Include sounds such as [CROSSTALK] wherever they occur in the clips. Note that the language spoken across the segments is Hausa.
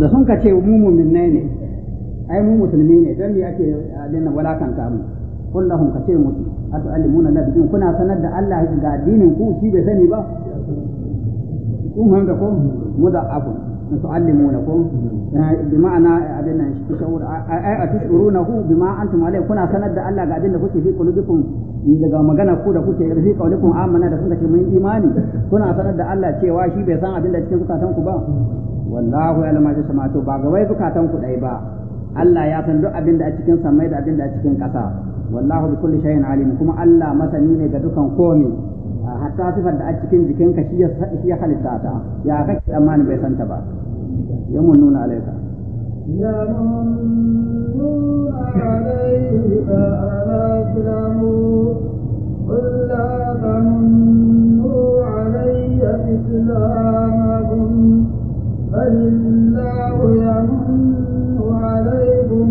da sun ka ce mu mu'minai ne ai mu musulmi ne dan me ake abin nan walakanta mu kullahum ka ce musu atu'allimuna nabiyyin kuna sanar da Allah ga addinin ku shi bai sani ba kun fahimta ko mu da abu ko bi ma'ana abin nan shi ai a tushurunahu antum alai kuna sanar da Allah ga abin da kuke fi kulubikum daga magana ku da kuke rufi kaulikum amana da kuka ce mun imani kuna sanar da Allah cewa shi bai san abin da cikin zukatan ku ba wallahu ya lama ji samato ba ga wai zukatan ku dai ba Allah ya san duk abin da a cikin samai da abin da a cikin ƙasa wallahu bi kulli shay'in alim kuma Allah masani ne ga dukan komai hatta sifar da a cikin jikinka shi ya shi halitta ta ya kake tsammanin bai santa ba ya mun nuna alaika ya mun nuna alaika alakramu qul la tamunnu alayya islamakum bal illahu yamunnu alaykum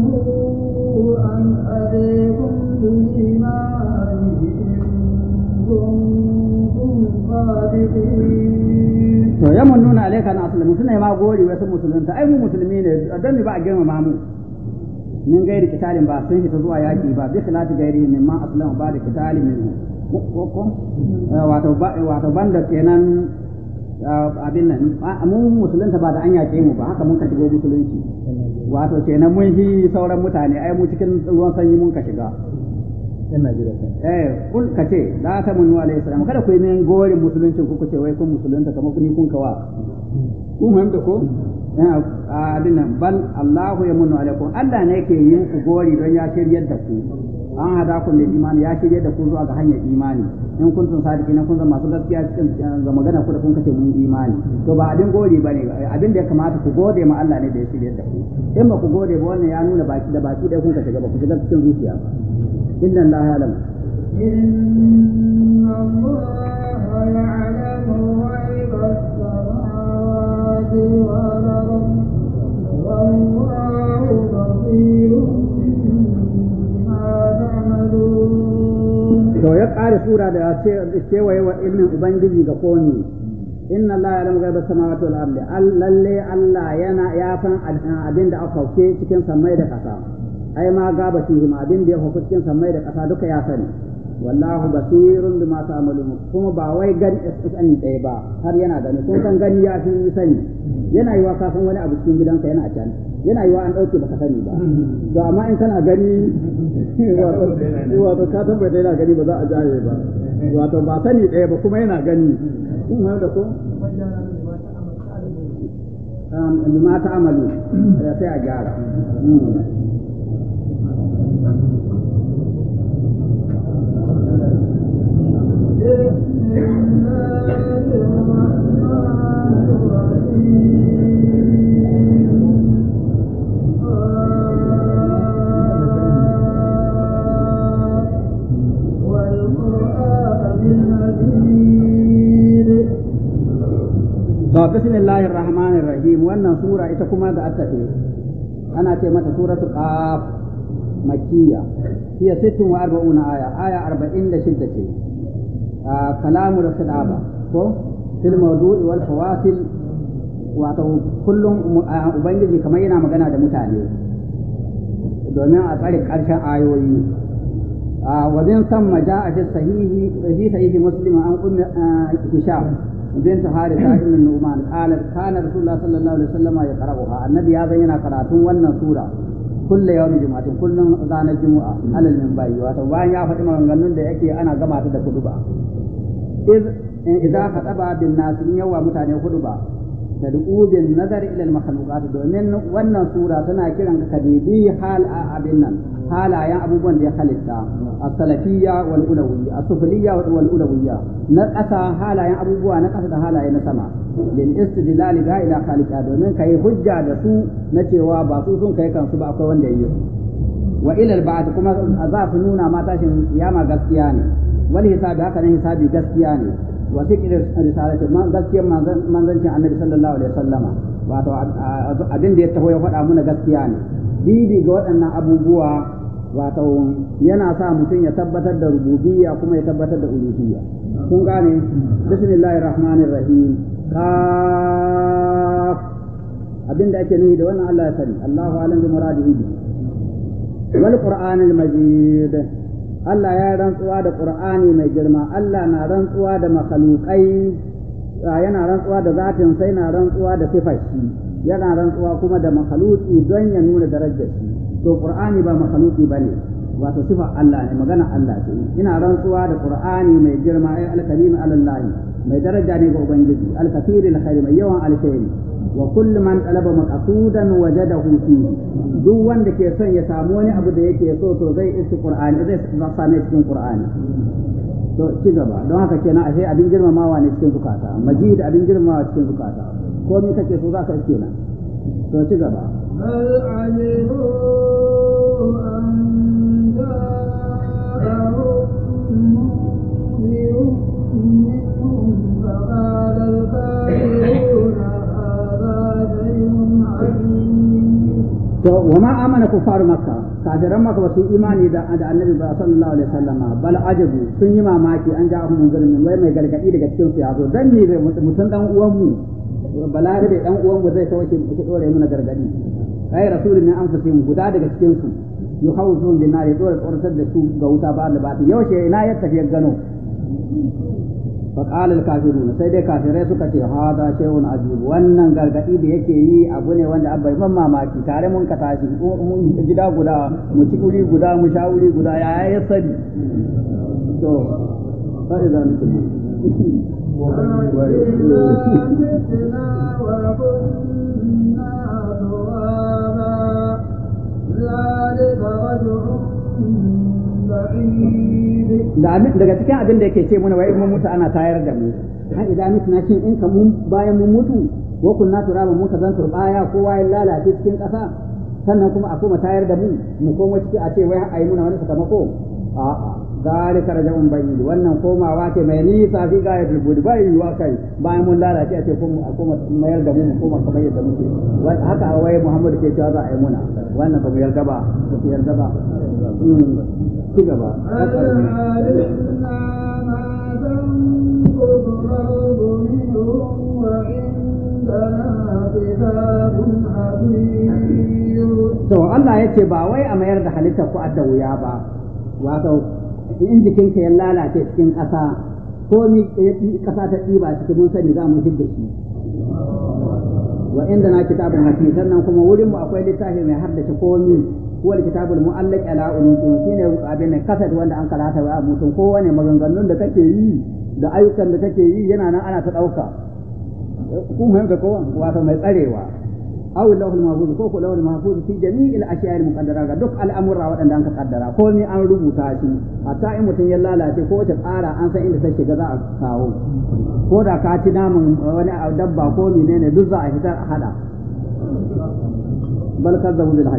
an alaykum bi imanikum to ya mun nuna alaika na asalin suna ma gori wasu musulunta ai mu musulmi ne don ba a girmama mu min gairi kitalin ba sun hita zuwa yaki ba bi khilati gairi min ma aslama ba da kitalin min ko eh, wato wato banda kenan eh, abin nan mu musulunta ba da an yake mu ba haka mun ka shigo musulunci wato kenan mun yi sauran mutane ai mu cikin ruwan sanyi mun ka shiga yan Najeriya eh kul kace la ta munu alaihi salam kada ku yi min gorin musuluncin ku kuce wai kun musulunta kamar ni kun kawa ko eh, abin nan Allahu ya munu alaikum Allah ne ke yin ku gori don ya shiryar da ku an hada ku mai imani ya shirye da ku zuwa ga hanyar imani in kun tun sadiki na kun zama masu gaskiya cikin ga eh, magana ku da kun kace mun imani to ba abin gode bane eh, abin da ya kamata ku gode ma Allah ne da ya shirye da ku in ba ku gode ba wannan ya nuna baki da baki da kun ka shiga ba ku shiga cikin zuciya ba inna Allah ya alam inna Allah ya'lamu ghaib as-samawati wal to ya ƙare sura da kewaye wa ilmin ubangiji ga komi inna Allah ya lamga ba samawati wal ardi lalle Allah yana ya san abin da aka kauke cikin samai da ƙasa ai ma gaba shi abin da ya kauke cikin samai da ƙasa duka ya sani wallahu basirun bima ta'malun kuma ba wai gani eh, sani ɗaya ba har yana gani kun san gani ya fi sani yana yi wa kasan wani abu cikin gidansa yana a can yana wa an dauke baka sani ba to amma in kana gani wato ka tabbata yana gani ba za a jaye ba wato ba sani ɗaya ba kuma yana gani in har da ko ma ta amalu sai a gyara Yeah. Hmm. [LAUGHS] طيب، بسم الله الرحمن الرحيم وانا سورة اتكما دا انا تيمت سورة قاف مكية هي ست واربعون آية آية اربعين لشدة آه كلام رخد عبا في الموضوع والحواس wato kullum ubangiji kamar yana magana da mutane domin a tsare ƙarshen ayoyi wajen san maja a fi sahihi fi sahihi muslim an ummi hisham bint harisa ibn nu'man qalat kana rasulullah sallallahu alaihi wasallam ya qara'uha annabi ya zan yana karatun wannan sura kullu yawmi jumu'atin kullum ranar jumu'a alal minbari wato bayan ya faɗi maganganun da yake ana gama ta da kuduba iz eh, idza khataba bin nas in yawa mutane kuduba Tadubin bin nazar ila al-makhluqat domin wannan sura tana kiran ka dibi hal abin nan halayen abubuwan da ya halitta as-salafiyya wal ulawiyya as-sufliyya wal ulawiyya na ƙasa halayen abubuwa na ƙasa da halaye na sama lil istidlal ga ila khaliqa domin kai hujja da su na cewa ba su sun kai kansu ba akwai wanda yi wa ila al-ba'd kuma za su nuna ma tashin kiyama gaskiya ne wal hisabi haka ne hisabi gaskiya ne wa fi risalati man gaskiyar manzancin annabi sallallahu alaihi wasallama wato abin da ya taho ya faɗa muna gaskiya ne bibi ga waɗannan abubuwa wato yana sa mutum ya tabbatar da rububiyya kuma ya tabbatar da uluhiyya kun gane bismillahi rahmanir rahim qaf abin da ake nuni da wannan Allah ya sani Allahu alim bi muradihi wal qur'anil majid Allah ya rantsuwa da Qur'ani mai girma Allah na rantsuwa da makhluqai yana rantsuwa da zatin sai na rantsuwa da sifar shi yana rantsuwa kuma da makhluqi don ya nuna darajar shi to Qur'ani ba makhluqi bane wato sifa Allah ne magana Allah ce ina rantsuwa da Qur'ani mai girma ai al-karim alallahi mai daraja ne ga ubangiji al-kathir al mai yawan alkhairi wa kullu man talaba maqsudan wajadahu fihi duk wanda ke son ya samu wani abu da yake so to zai isu qur'ani zai same cikin qur'ani to ci gaba don haka kenan ashe abin girmamawa ne cikin zukata majid abin girmamawa cikin zukata ko me kake so zaka iske nan to ci gaba فقال الكافرون to wa ma amana kufaru makka kafiran makka basu imani da da annabi ba sallallahu alaihi wasallama bal ajabu sun yi mamaki an ja mun zulmi wai mai gargadi daga cikin su ya zo dan ne mutun dan uwan mu da dan uwan mu zai tawace mu ku dore mana gargadi kai rasulun ne an fasi mu guda daga cikin su yuhawzun bin nar dole tsoratar da su ga wuta ba da ba yaushe ina ya tafi gano فقال الكافرون sai dai kafirai suka ce hada shay'un ajib wannan gargadi da yake yi abu ne wanda abbai ban mamaki tare mun ka tashi mun gida guda mu ci wuri guda mu sha wuri guda ya ya sani to sai da mutum ذلك رجع بعيد daga cikin abin da yake ce muna wai mun mutu ana tayar da mu har idan na shin in kamun mun bayan mun mutu wa kunna turaban muka zan turbaya ko wai lalace cikin ƙasa sannan kuma a koma tayar da mu mu koma ciki a ce wai a yi muna wani sakamako a'a zalika mun bayi wannan komawa ce mai nisa fi gayatul bud bai yiwa kai bayan mun lalace a ce kuma a koma mayar da mu mu koma kamar yadda muke haka wai Muhammadu ke cewa za a yi muna wannan ba mu yarda ba ku yarda ba hmm. ci gaba to Allah ya ce ba wai a mayar da halitta ku adda wuya ba wato in jikinka ya lalace cikin ƙasa ko mi ƙasa ta ɗiba cikin mun sani za mu hidda shi wa inda na kitabun hafi sannan kuma wurin mu akwai littafi mai haddace komi huwa alkitabul mu'allaq ala ulum shine abin kasad wanda an karata wa mutum wane maganganun da kake yi da ayyukan da kake yi yana nan ana ta dauka kun fahimta ko wato mai tsarewa aw al mahfuz ko lahu al mahfuz fi al-ashiya al muqaddara ga duk al'amura waɗanda an kaddara ko ni an rubuta shi hatta in mutum ya lalace ko ta tsara an san inda take ga za a kawo ko da ka ci naman wani dabba ko menene duk za a fitar a hada bal kazzabu bil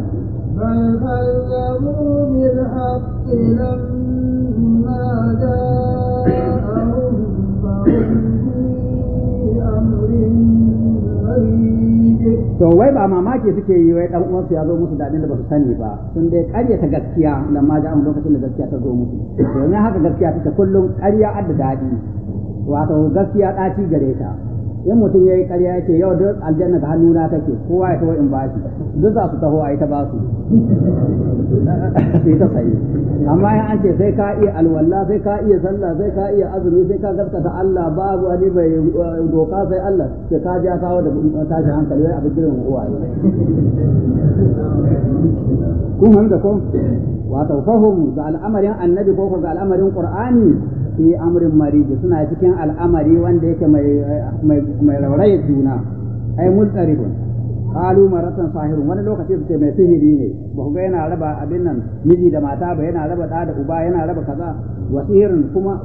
بل كذبوا بالحق لما جاءهم فهم to wai ba mamaki suke yi wai ɗan uwansu ya zo musu daɗin da ba su sani ba sun dai ƙarya ta gaskiya da ma ja'an lokacin da gaskiya ta zo musu domin haka gaskiya take kullum ƙarya adda daɗi wato gaskiya ɗaci gare ta in mutum ya yi karya ya ce yau duk aljanna ta hannu na take kowa ya taho in ba shi duk za su taho a yi ta ba su sai ta sayi amma in an ce sai ka iya alwala sai ka iya sallah sai ka iya azumi sai ka gaskata Allah babu wani bai eh, doka sai Allah sai ka ja kawo da tashi hankali wai abin girin uwa kun hamda ko wato fahim ga al'amarin annabi ko ga al'amarin qur'ani fi amrin mariji suna cikin al'amari wanda yake mai raurayar juna ai multaribun kalu maratan sahirun wani lokaci su ce mai sihiri ne ba ga yana raba abin nan miji da mata ba yana raba da da uba yana raba kaza wa sihirin kuma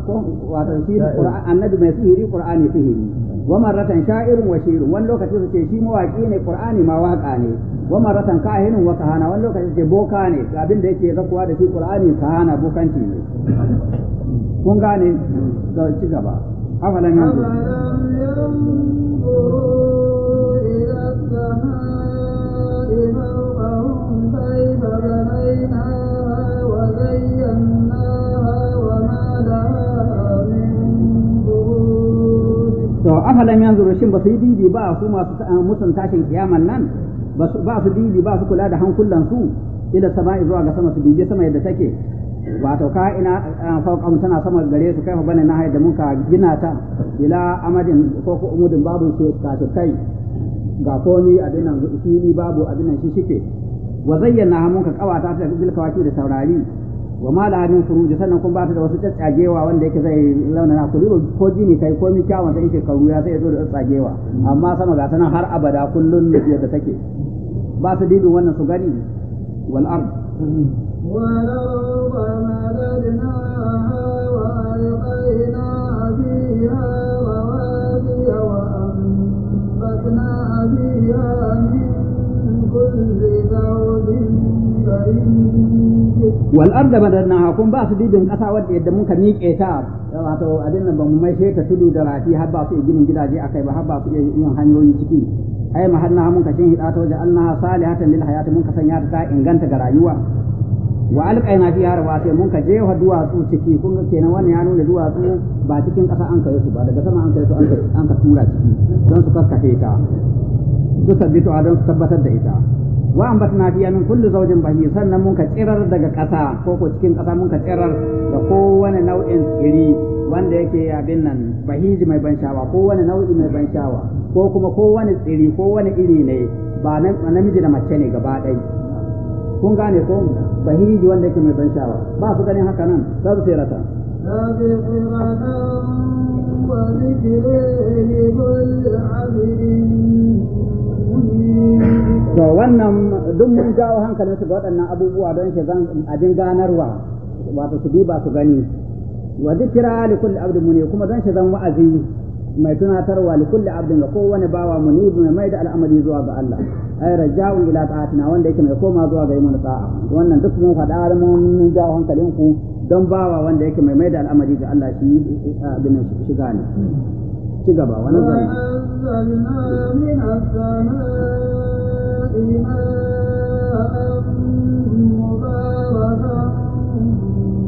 wato sihirin qur'an annabi mai sihiri qur'ani sihiri wa maratan sha'irun wa shirun wani lokaci su ce shi mawaki ne qur'ani ma ne wa maratan kahinun wa kahana wani lokaci su ce boka ne abin da yake zakuwa da shi qur'ani kahana bokanci ne kun gane da ci gaba afalan yanzu to ya yanzuru shin ba su yi dibi ba su masu musun tashin kiyaman nan ba su dibi ba su kula da hankulansu. ila sama'i zuwa ga sama su dibi sama yadda take wato ka ina eh, fauƙam tana sama gare su ba bane na da muka gina ta ila amadin ko ko umudin babu ce kai ga komi abin nan fili babu a dinan shi shike wa zayyana mun ka kawata ta bil kawaki da taurari wa ma la min sannan kun ba ta da wasu tsagewa wanda yake zai na ku riba ko jini kai ko mi kyawun sai yake ya sai ya zo da tsagewa amma sama ga sanan har abada kullun da take ba su didin wannan su gani wal ard Wal'ar da badannaha kun ba su dibin kasa wadda yadda muka miƙe ta wato abin nan bamu mai ta tudu da rafi har ba su iya ginin gidaje akai ba har ba su iya yin hanyoyi ciki ai mahanna mun ka shin hidata wajen annaha salihatan lil hayati mun ka sanya ta inganta ga rayuwa wa fi fiha rawati mun ka jefa duwatsu ciki kun ga kenan wannan ya nuna duwatsu ba cikin ƙasa an kai su ba daga sama an kai su an ka tura ciki don su kakkafe ta su sabbitu don su tabbatar da ita wa ambatna fi yanin kullu zaujin bahi sannan mun ka tsirar daga ƙasa ko ko cikin ƙasa mun ka tsirar da kowane nau'in tsiri wanda yake abin nan bahiji mai ban shawa kowane nau'i mai ban shawa ko kuma kowane tsiri kowane iri ne ba namiji da mace ne gaba ɗaya kun gane ko bahiji wanda yake mai ban sha'awa ba su ganin haka nan za su tsirata to wannan duk mun jawo su ga waɗannan abubuwa don shi zan abin ganarwa wato su bi ba su gani wa zikira li kulli abdin muni kuma zan shi zan wa'azi mai tunatarwa li kulli abdin ga kowane bawa mu ni mai da al'amari zuwa ga Allah ay raja'un ila ta'atina wanda yake mai koma zuwa ga yimin sa'a wannan duk mun faɗa mun jawo hankalin ku don bawa wanda yake mai da al'amari ga Allah shi eh, abin shiga ne ci gaba wani zan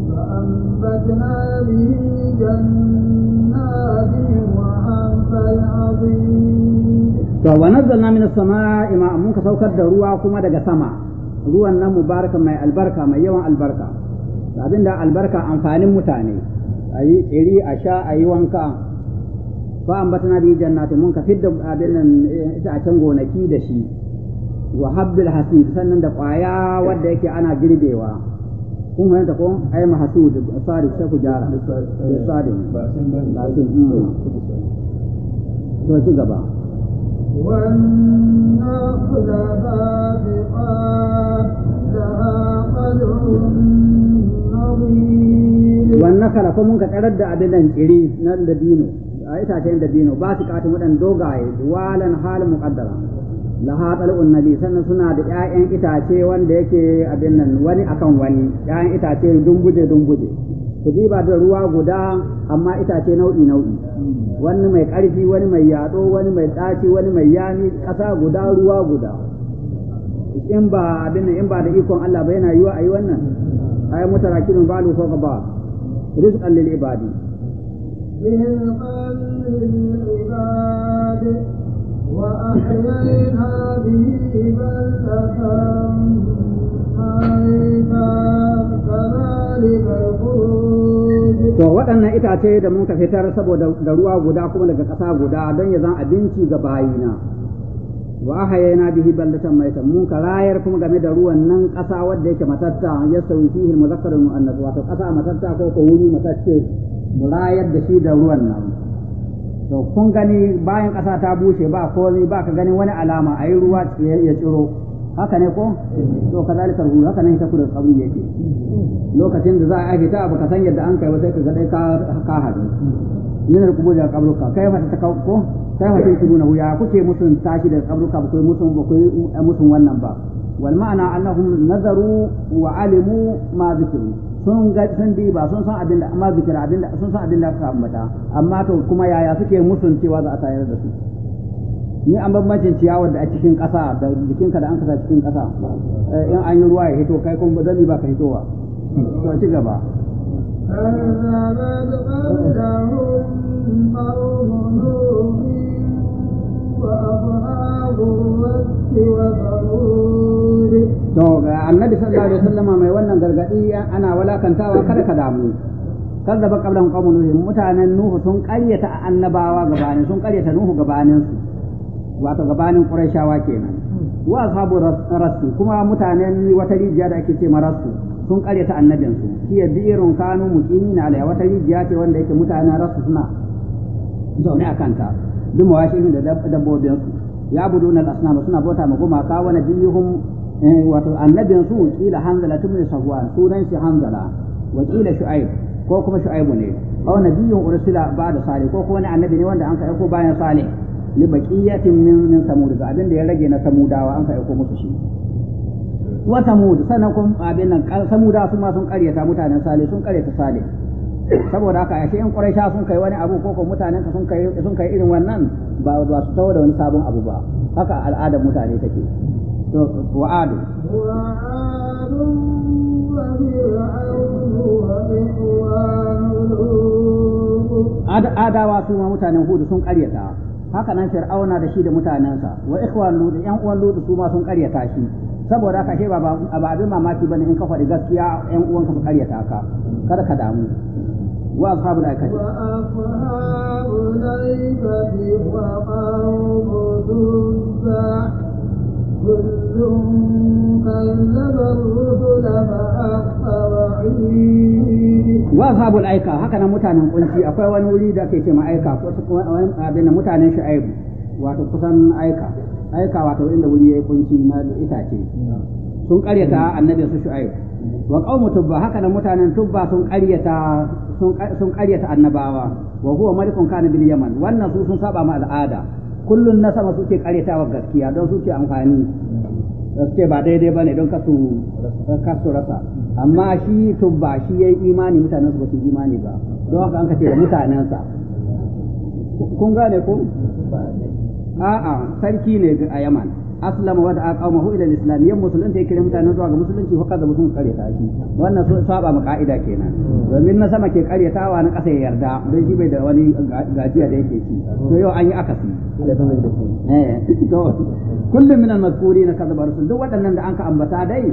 فأنبتنا به جنات to wa nazzalna min as samaai ma'an mun ka saukar da ruwa kuma daga sama ruwan nan mubaraka mai albarka mai yawan albarka abinda albarka amfanin mutane ayi iri a sha ayi wanka fa ambatana bi jannati mun ka fidda abin nan eh, ita a can gonaki da shi wa habbil hasid sannan da kwaya wanda yake ana girbewa kun fahimta ko ai mahsud sari sai ku jara sari ba to ci gaba والنخل بابقات لها قدع نظير والنخل كم nan ترد أبدا إلي نال دبينو itacen da dino ba su katin waɗanda dogaye walan halin muƙaddara laha tsal'un nabi sannan suna da ƴaƴan itace wanda yake abin nan wani akan wani ƴaƴan itace dunguje dunguje ku ba da ruwa guda amma itace nau'i nau'i wani mai ƙarfi wani mai yaɗo wani mai ɗaci wani mai yami ƙasa guda ruwa guda in ba abin in ba da ikon Allah ba yana yiwa wa ayi wannan ai ba balu ko ba rizqan lil ibadi وأحيينا به بلدة To waɗannan itace da muka fitar saboda da ruwa guda kuma daga ƙasa guda don ya zan abinci ga bayina. Wa na bihi ballatan ta mun ka kuma game da ruwan nan ƙasa wadda yake matatta ya sauyi fihi muzakkar muannas wato ƙasa matatta ko ko wuri matacce mu rayar da shi da ruwan nan. To kun gani bayan ƙasa ta bushe ba komai ba ka gani wani alama a ayi ruwa ya tsiro. haka ne ko to kazalika ruhu haka nan ita ku da kabri yake lokacin da za a fita baka san yadda an kai ba sai ka ga dai ka ka hadu min al qubur da kabruka kai fa ta ko kai fa ta na wuya kuke musun tashi da kabruka ba kai musun ba kai musun wannan ba wal ma'ana annahum nazaru wa alimu ma zikru sun ga sun ba sun san abinda amma zikira abinda sun san abinda aka ambata amma to kuma yaya suke musun cewa za a tayar da su ni an bambancin ciyawar da a cikin ƙasa da jikinka da an kasa cikin ƙasa eh, in an yi ruwa ya hito kai kuma zami ba ka hitowa to ci gaba To ga annabi sallallahu alaihi wasallama mai wannan gargadi ana walakantawa kada ka damu kazzaba qablan qawmun mutanen nuhu sun qaryata annabawa gabanin sun qaryata nuhu gabanin su wato gabanin Qurayshawa kenan wa ashabu rasu kuma mutanen wata rijiya da ake ce marasu sun ta annabin su shi yaddirun kanu muqimina alai wata rijiya ce wanda yake mutanen rasu suna zaune a kanta duma washin da dabbobin su ya buduna al-asnam suna bauta ma gumaka wani biyuhun eh, wato annabin su kila hanzala tun sahwan sunan shi hanzala wa kila shu'aib ko kuma shu'aibu ne aw nabiyyun ursila ba'da salih ko kuma annabi ne wanda an ka aiko bayan salih li baqiyatin min min samud ga abin da ya rage na samudawa an ka aiko musu shi wa samud sanakum kun abin nan samudawa su ma sun karyata mutanen sale sun karyata sale saboda haka ashe in quraisha sun kai wani abu ko ko mutanen ka sun kai sun kai irin wannan ba ba su tawo da wani sabon abu ba haka al'adar mutane take to wa'adu wa'adu wa bi'adu adawa su ma mutanen hudu sun karyata haka nan fir'auna da shi da mutanensa wa ikhwan lut yan uwan lut su ma sun karyata shi saboda haka shi ba ba abin mamaki bane in ka faɗi gaskiya yan uwan ka su karyata ka kada ka damu wa ashabul aikati wa ashabul aikati wa كل كذب الرسل فحق وعيد واصحاب الايكه هكذا mutanen kunci akwai wani wuri da ake ce ma aika ko wani abin da mutanen shu'aibu wato kusan aika aika wato inda wuri yayi kunci na itace sun karyata annabi su shu'aibu wa qaumu tubba haka nan mutanen tubba sun karyata sun karyata annabawa wa huwa malikun kana bil yaman wannan su sun saba ma al'ada Kullum na sama suke karyatawa gaskiya don suke amfani suke ba daidai ba ne don kasu rasa amma shi tubba shi yayi imani mutanen su ba su imani ba don haka an kace da mutanensa kun gane ko a'a sarki ne a Yaman aslama wa da'a qaumahu ila al-islam yan musulunta ya kira mutanen zuwa ga musulunci fa kaza sun kareta shi wannan sun saba mu ka'ida kenan domin na sama ke karyatawa na kasa ya yarda don shi bai da wani gajiya da yake ci to yau an yi akasi eh [LAUGHS] to kullum min al-mazkurina rasul duk waɗannan da an ka ambata dai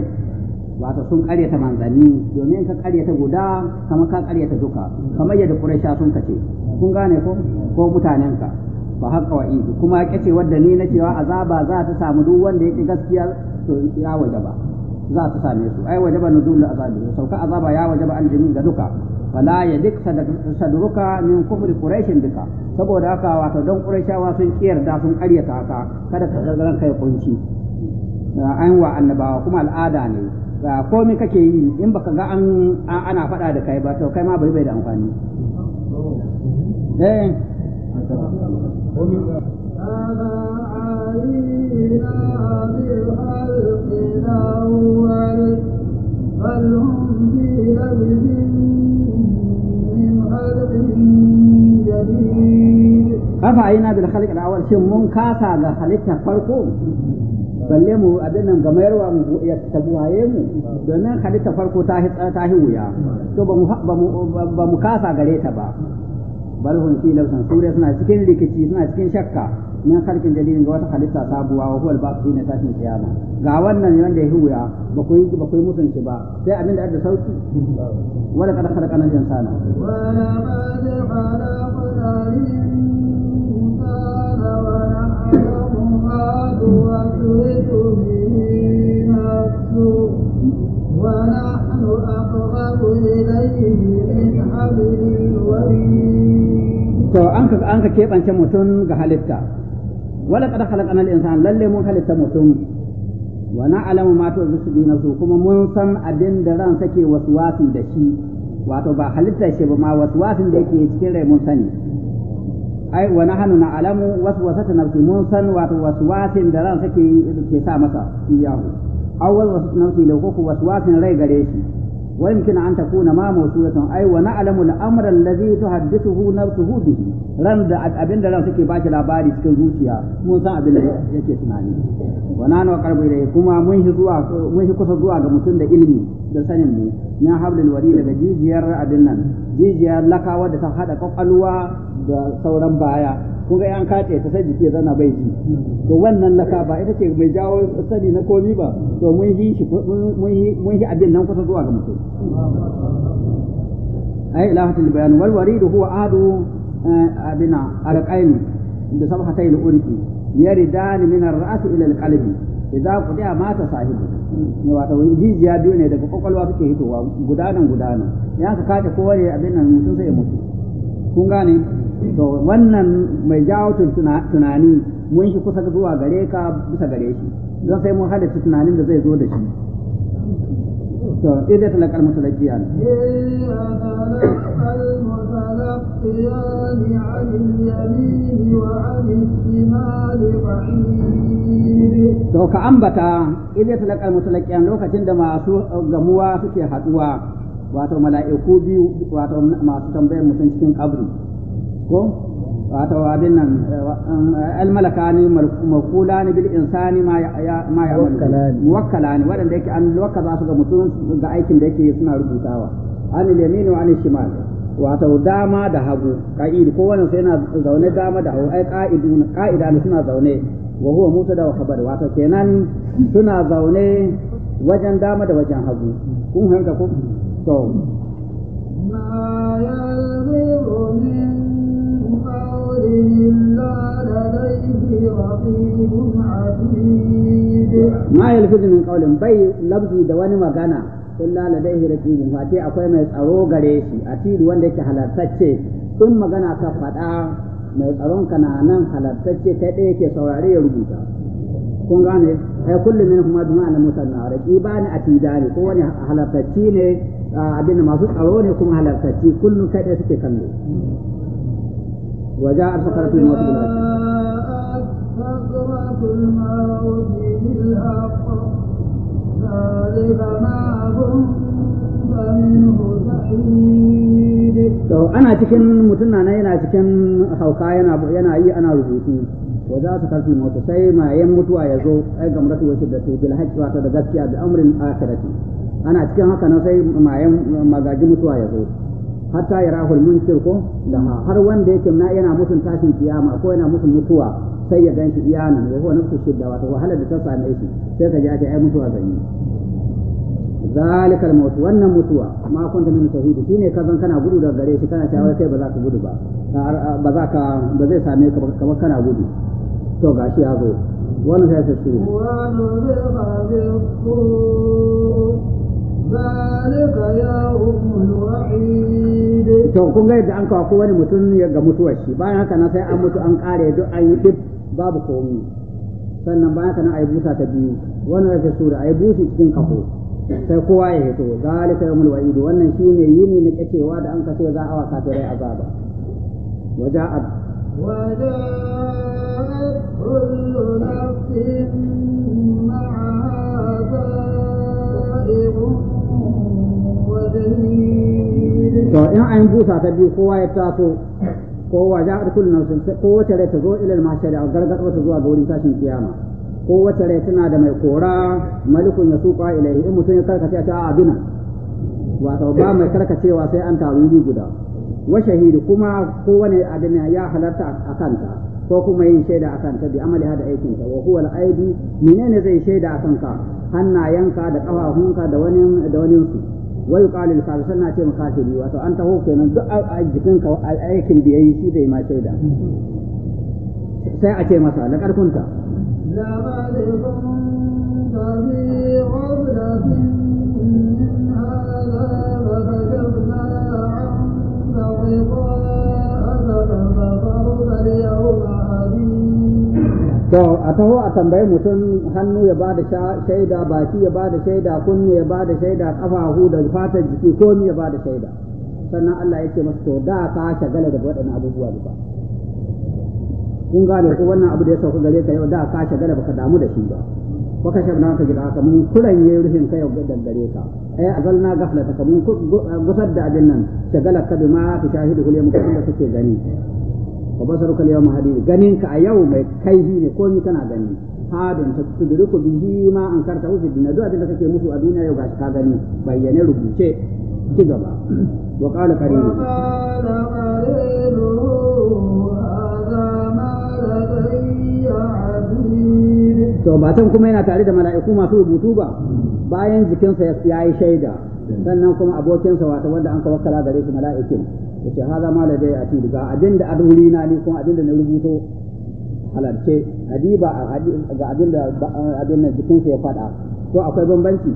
wato sun karyata manzanni domin ka karyata guda kama ka karyata duka kamar yadda Quraysha sun kace kun gane ko ko mutanenka fa wa wa'idi kuma kace wadda ni na cewa azaba za ta samu duk wanda yake gaskiya to ya wajaba za ta same su ai wajaba nuzul azabi sauka azaba ya wajaba aljami ga duka fala yadik sadruka min kufri quraish duka saboda haka wato dan quraishawa sun kiyarda sun karyata haka kada ka zagaran kai kunci ah, an wa annabawa kuma al'ada ne ga komai kake yi in baka ga an ana faɗa da kai ba to kai ma bai bai da amfani eh kafa na bil khalq da awwal shin mun kasa ga halitta farko balle mu abin nan ga mayarwa mu ya tabuwaye mu domin halitta farko ta ta wuya to ba mu ba mu kasa gare ta ba bal hum fi lawsan sura suna cikin rikici suna cikin shakka min harkin dalilin ga wata halitta sabuwa wa huwa al-baqi na tashin kiyama ga wannan wanda ya huya ba ku yi ba ku mutunci ba sai abinda da adda sauki wala kada khalaqana jin sana wala qad khalaqna al-insana wa nahnu wa tuwitu bihi nafsuhu ونحن أقرب إليه من حبل الوريد. تو أنك أنك كيف أنت متون كحالتك ولقد خلقنا الإنسان للي من حالتك متون wa na'lamu ma tuwaswisu bi nafsu kuma mun san abin da ran da shi wato ba halitta shi ba ma waswasin da yake cikin rai mun sani ai wa nahnu na'lamu waswasata nafsi mun san wato waswasin da ran sake ke sa masa iyahu awwal wasu nauti lahu ko kuwa waswasin rai gare shi wa yumkin an takuna ma mawsulatan ay wa na'lamu al-amra alladhi tuhaddithuhu nafsuhu bihi ran da abin da ran suke ba shi labari cikin zuciya mun san abin da yake tunani wa nanu qarbu ilayhi kuma mun shi zuwa mun shi kusa zuwa ga mutum da ilimi da sanin mu na hablul daga jijiyar abin nan jijiyar lakawa da ta haɗa kwakwalwa da sauran baya kun ga an kace ta sai jiki ya zana bai ji to wannan laka ba ita ce mai jawo sani na komi ba to mun yi shi mun yi mun yi abin nan kusa zuwa ga mutum ai ilahatul bayan wal warid huwa adu eh, abina alqain da sabhatay al-urqi yaridan min ar-ra's ila al-qalb idza qudiya mata sahibu ne wato jijiya biyu ne daga kwakwalwa suke hitowa gudanan gudanan ya ka kace kowane abin nan mutum sai ya mutu kun gane to wannan mai jawo tunani mun shi kusa zuwa gare ka bisa gare shi don sai mun halitta tunanin da zai zo da shi to idan talakal mutalaqiyan to ka ambata idan talakar mutalaqiyan lokacin da masu gamuwa suke haduwa wato mala'iku biyu wato masu tambayar mutum cikin kabri ko wato abin nan eh, almalakani makulani bil insani ma ya ma ya muwakkalani wadanda yake an za su ga mutum ga aikin da yake suna rubutawa an yamini wa an shimal wato dama da hagu ka'id ko wannan sai yana zaune dama da hagu ai ka'idun ka'ida ne suna zaune wa huwa mutada wa khabar wato kenan suna zaune wajen dama da wajen hagu kun hanga ko to ma yalbiru min qawlin illa bai labzi da wani magana illa akwai mai tsaro gare shi atid wanda yake halartacce in magana ka mai tsaron kana nan halartacce kai ɗaya ya rubuta ai kullu min huma musanna raqi ba ni atida ne ko ne Ah, abin da masu tsaro ne kuma halartacci kullum kai ɗaya suke kallo waja a sakaratul maut bil To ana cikin mutum na yana cikin hauka yana yana yi ana rubutu wa za su kalfi mota sai mayan mutuwa ya zo ai gamratu wasu da su bil haqqi wa ta da gaskiya bi amrin akhirati ana cikin haka nan sai mayan magaji mutuwa ya zo hatta ya rahul munkir ko da har wanda yake na yana musun tashin kiyama ko yana musun mutuwa sai ya ganshi iyanan wa huwa nafsu shidda wato wahalar da ta same shi sai ka ji ake ai mutuwa zan yi zalikal mautu wannan mutuwa ma kunta min shahidi shine ka zan kana gudu daga gare shi kana cewa kai ba za ka gudu ba ba za ka ba zai same ka kamar kana gudu to gashi ya zo wannan sai ta shuru to kun ga yadda an kawo kowane mutum ya ga mutuwar shi bayan haka nan sai an mutu an kare duk an yi duk babu komi sannan bayan haka nan a busa ta biyu wannan rashin sura a yi busi cikin kafo sai kowa ya hito zalika yawmul wa'id wannan shine yini na kacewa da an kace za a wa kafirai azaba waja'at waja'at kullu nafsin ma'a to in an busa ta biyu kowa ya taso kowa ja a kowace rai ta zo ilal mashari a gargaɗo ta zuwa ga wurin tashin kiyama kowace rai tana da mai kora malikun ya suka ilaihi in mutum ya karkace ta a abina wato ba mai karkacewa sai an taru wuri guda wa shahidi kuma kowane abin ya halarta a kanta ko kuma yin shaida a kanta bi amali hada aikin ta wa huwa al-aidi menene zai shaida a kanka hannayenka da kafafunka da da wani su wa yuqalu lil kafir sannan ce kafiri wato an taho kenan duk a jikin ka aikin da yayi shi bai ma shaida sai a ce masa laqad kunta la ma'alikum tabi min hadha wa to a taho a tambayi mutum hannu ya ba da shaida baki ya ba da shaida kunne ya ba da shaida kafahu da fatar jiki komi ya ba da shaida sannan Allah ya ce masa to da ka shagala da waɗannan abubuwa ba. kun gane ko wannan abu da ya sauka gare ka yau da ka shagala baka damu da shi ba baka na ka gida ka mun kuran yayi ruhin ka yau da gare ka eh, ai na gaflata ka mun gusar da abin nan shagala ka bi ma ta shahidu kullum kun da kake gani wa basaruka al-yawma hadid ganin ka a yau mai kaifi ne ko ni kana gani hadin ta tudruku bihi ma an karta fi dunya duk abin da kake musu a duniya yau gashi ka gani bayyane rubuce ci gaba wa qala qarinu to ba kuma yana tare da mala'iku masu rubutu ba bayan jikinsa ya yi shaida sannan kuma abokinsa wata wanda an tawakkala gare shi mala'ikin ya ce haza ma da a ti ga abinda a na ne kuma abinda na rubuto halarce adiba ga abinda abin nan jikinsa ya fada to akwai bambanci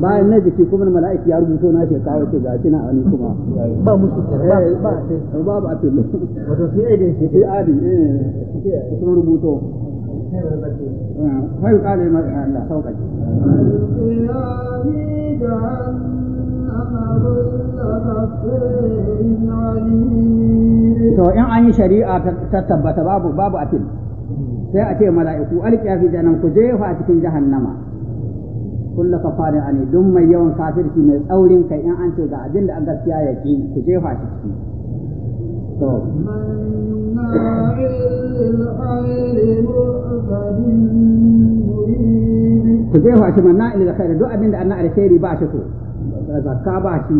bayan na jiki kuma mala'iki ya rubuto na shi kawo ce ga shi na ani kuma ba musu ba ba ba ba afil wato sai ai shi sai adi eh sun rubuto fa yuqala ma Allah sauƙaƙe to in an yi shari'a ta tabbata babu babu afil sai a ce mala'iku alƙiya fi jahannam ku jefa a cikin jahannama kullu kafarin ani duk mai yawan kafirci mai tsaurin kai in an ce ga abin da an gaskiya ya ki ku jefa a ciki to ku jefa shi manna ila khair duk abin da annabi alkhairi ba shi so zakka ba shi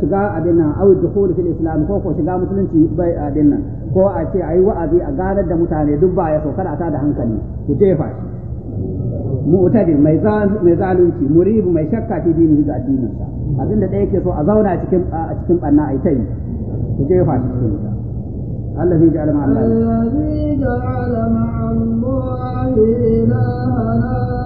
shiga abin nan aw dukhul fil islam ko ko shiga musulunci bai abin nan ko a ce ayi wa'azi a ganar da mutane duk ba ya so kada ta da hankali ku jefa shi mu'tadil mai mai zalunci muribu mai shakka fi dini ga addinin sa abinda da ke so a zauna cikin a cikin banna ai tai ku jefa shi cikin الذي جعل مع الله الذي جعل مع الله إلها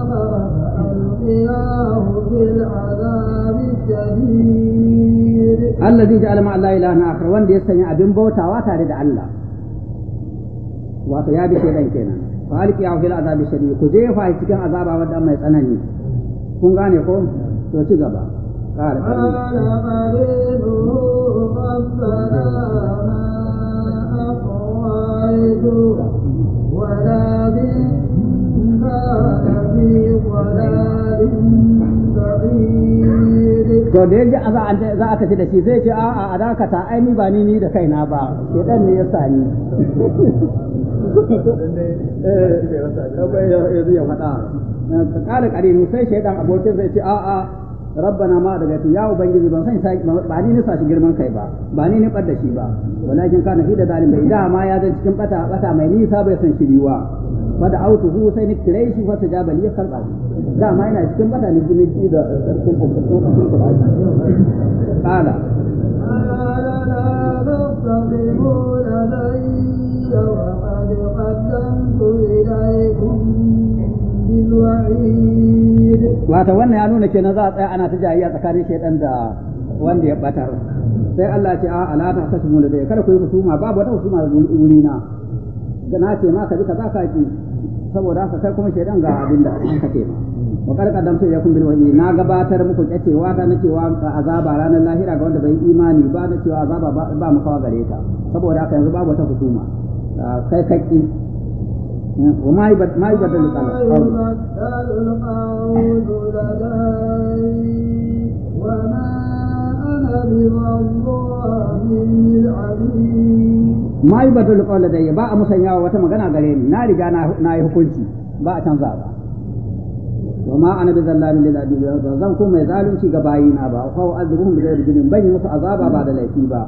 آخر فألقياه في العذاب الشديد الذي جعل مع الله إلها آخر وان يستمع سنة بوتا واتارد الله واتو يا بشي فألقياه في العذاب الشديد كجيفا يتكن عذابا ودى أما يسألني gane غاني to ci gaba قال قريبه ربنا to da yaji a za a tafi da shi zai ce a a dakata ni ba ni ni da kaina ba shedan ne ya sani eh, ya faɗa ƙarinu sai shaidan abokin zai ce rabbana ma daga to ya ubangiji ban san ba ni nisa shi girman kai ba ba ni nibar da shi ba walakin kana fi da zalim bai da ma ya zan cikin bata bata mai nisa bai san shi biwa fa da autuhu sai ni kire shi fa tajaba ya karba da ma yana cikin bata ni ni da sarkin kokon ko ba kala وقد قدمت إليكم Wata wannan ya nuna kenan za a tsaya ana ta jayayya tsakanin shaidan da wanda ya batar sai Allah ce a alata ta kashi mu da kada ku yi husuma babu wata husuma wuri na na ce ma ka ji kaza ka ki saboda haka kai kuma shaidan ga abin da an kake ma wa kar kaddamta ya kun bil wani na gabatar muku kyacewa ta na cewa azaba ranar lahira ga wanda bai imani ba na cewa azaba ba mu kawo gare ta saboda haka yanzu babu wata husuma kai kai وما يبدل batul kawai da ba a musanyawa wata magana gare ni na riga na yi hukunci ba a canza ba wa ma ana bizan lil abidi zan ko mai zalunci ga bayina ba fa azruhum bi ghairi dhunub ban yi musu azaba ba da laifi ba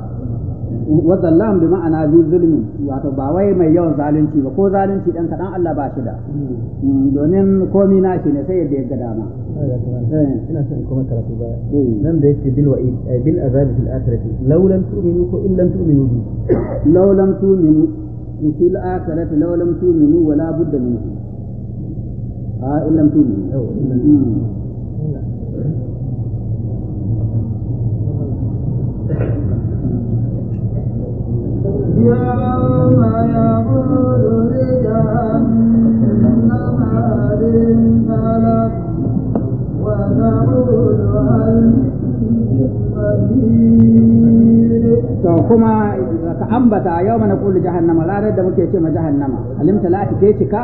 wa zallam bi ma'ana zu zulmi wato ba wai mai yawan zalunci ba ko zalunci dan kadan Allah ba shi da mm, domin komi na shi ne sai yadda ya ga dama eh. ina son kuma karatu ba eh. nan da yake bil wa'id ay eh, bil azab fil akhirati law tu'minu ko illan lam tu'minu bi law lam tu'minu fil akhirati law tu'minu wala budda minhu a ah, in tu'minu يوم يقول لجهنم هل امتلأت وتقول هل to kuma ka ambata a yau mana kulu jahannama ranar da muke ce ma jahannama alimta la ta cika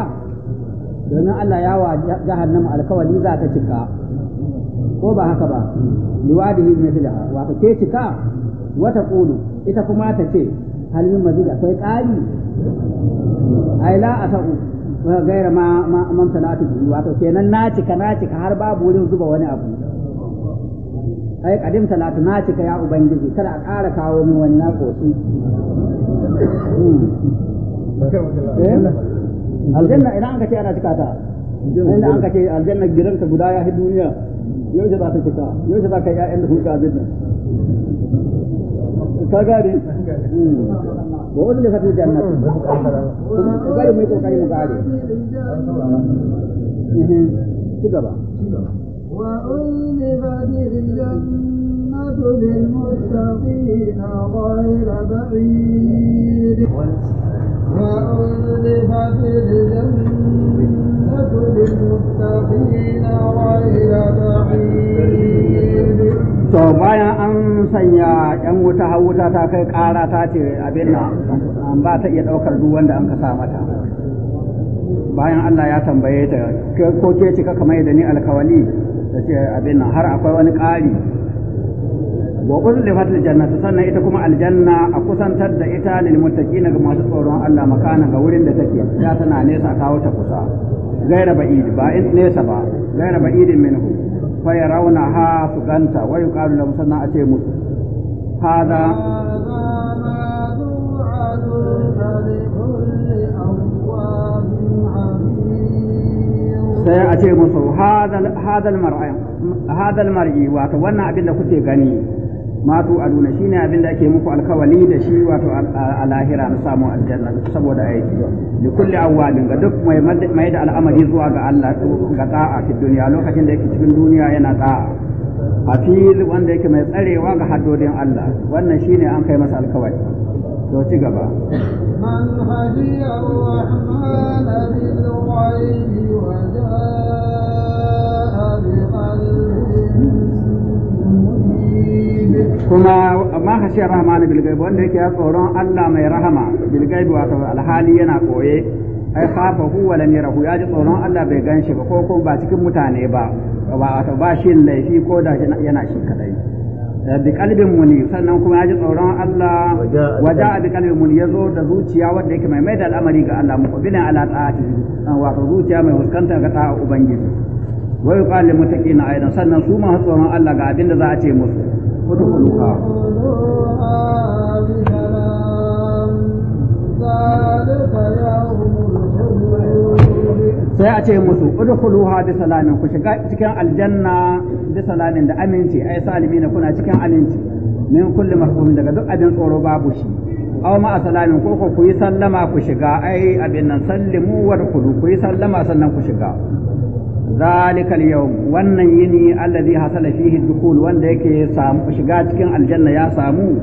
domin Allah ya wa jahannama alkawali za ta cika ko ba haka ba liwadihi mithla wato ke cika wata kulu ita kuma ta ce halin min mazid akwai ƙari ai la asau gaira ma man salatu bi wato kenan na cika na cika har babu wurin zuba wani abu ai kadim salatu na cika ya ubangiji kada a ƙara kawo min wani na koshi hmm. eh? aljanna idan an kace ce ana cika ta inda an kace ce aljanna ka guda ya hi duniya yau za ta cika yau za ka yi ƴaƴan da hulka abin nan ka gane hmm. ba wani da fatar jannat ku gari mai kokari mu gare ci gaba وأذلفت الجنة للمتقين غير بعيد وأذلفت الجنة To bayan an sanya ‘yan wuta har wuta ta kai ƙara ta ce abin nan ba ta iya ɗaukar duk wanda an kasa mata. Bayan Allah ya tambaye ta ko ke ka kamar da ni alkawali ta ce abin nan har akwai wani ƙari. Wa fatil aljannatu sannan ita kuma aljanna a kusantar da ita lil muttaqina ga masu tsoron Allah makana ga wurin da take ya tana nesa kawo ta kusa. غير بعيد بعيد ليس با غير بعيد منه فيرونها سقنتا ويقال لهم سنة أتي موسى هذا sai a ce musu hadal mar'i wato wannan abin da kuke gani matu aduna shine abin da ake muku alkawali da shi wato a lahira na samun aljanna saboda aiki da kulli awwalin ga duk mai mai da al'amari zuwa ga Allah ga ta'a a duniya lokacin da yake cikin duniya yana ta'a hafiz wanda yake mai tsarewa ga haddodin Allah wannan shine an kai masa alkawari to ci gaba man hadiya wa kuma amma khashiyar rahmanu bil ghaib wanda yake tsoron Allah mai rahama Bilgaibu ghaib wato alhali yana koye ai khafa hu wa lam yarahu ya ji tsoron Allah bai ganshi ba ko ko ba cikin mutane ba wato ba shi laifi ko da yana shi kadai eh, bi kalbin muni sannan kuma ya ji tsoron Allah waja bi kalbin muni ya zo da zuciya wanda yake mai maida al'amari ga Allah muqbilan ala ta'ati eh, wato zuciya mai huskanta ga ta'a ubangiji wa yuqalu muttaqina aidan sannan su ma tsoron Allah ga abin da za a ce musu ودخلوها sai a ce musu udkhuluha bi salamin ku shiga cikin aljanna bi salamin da aminci ai salimina kuna cikin aminci min kulli mahkumin daga duk abin tsoro babu shi aw ma salamin ko ku yi sallama ku shiga ai abin nan sallimu wa ku yi sallama sannan ku shiga ذلك اليوم wannan yini allazi hasala fihi dukul wanda yake samu shiga cikin aljanna ya samu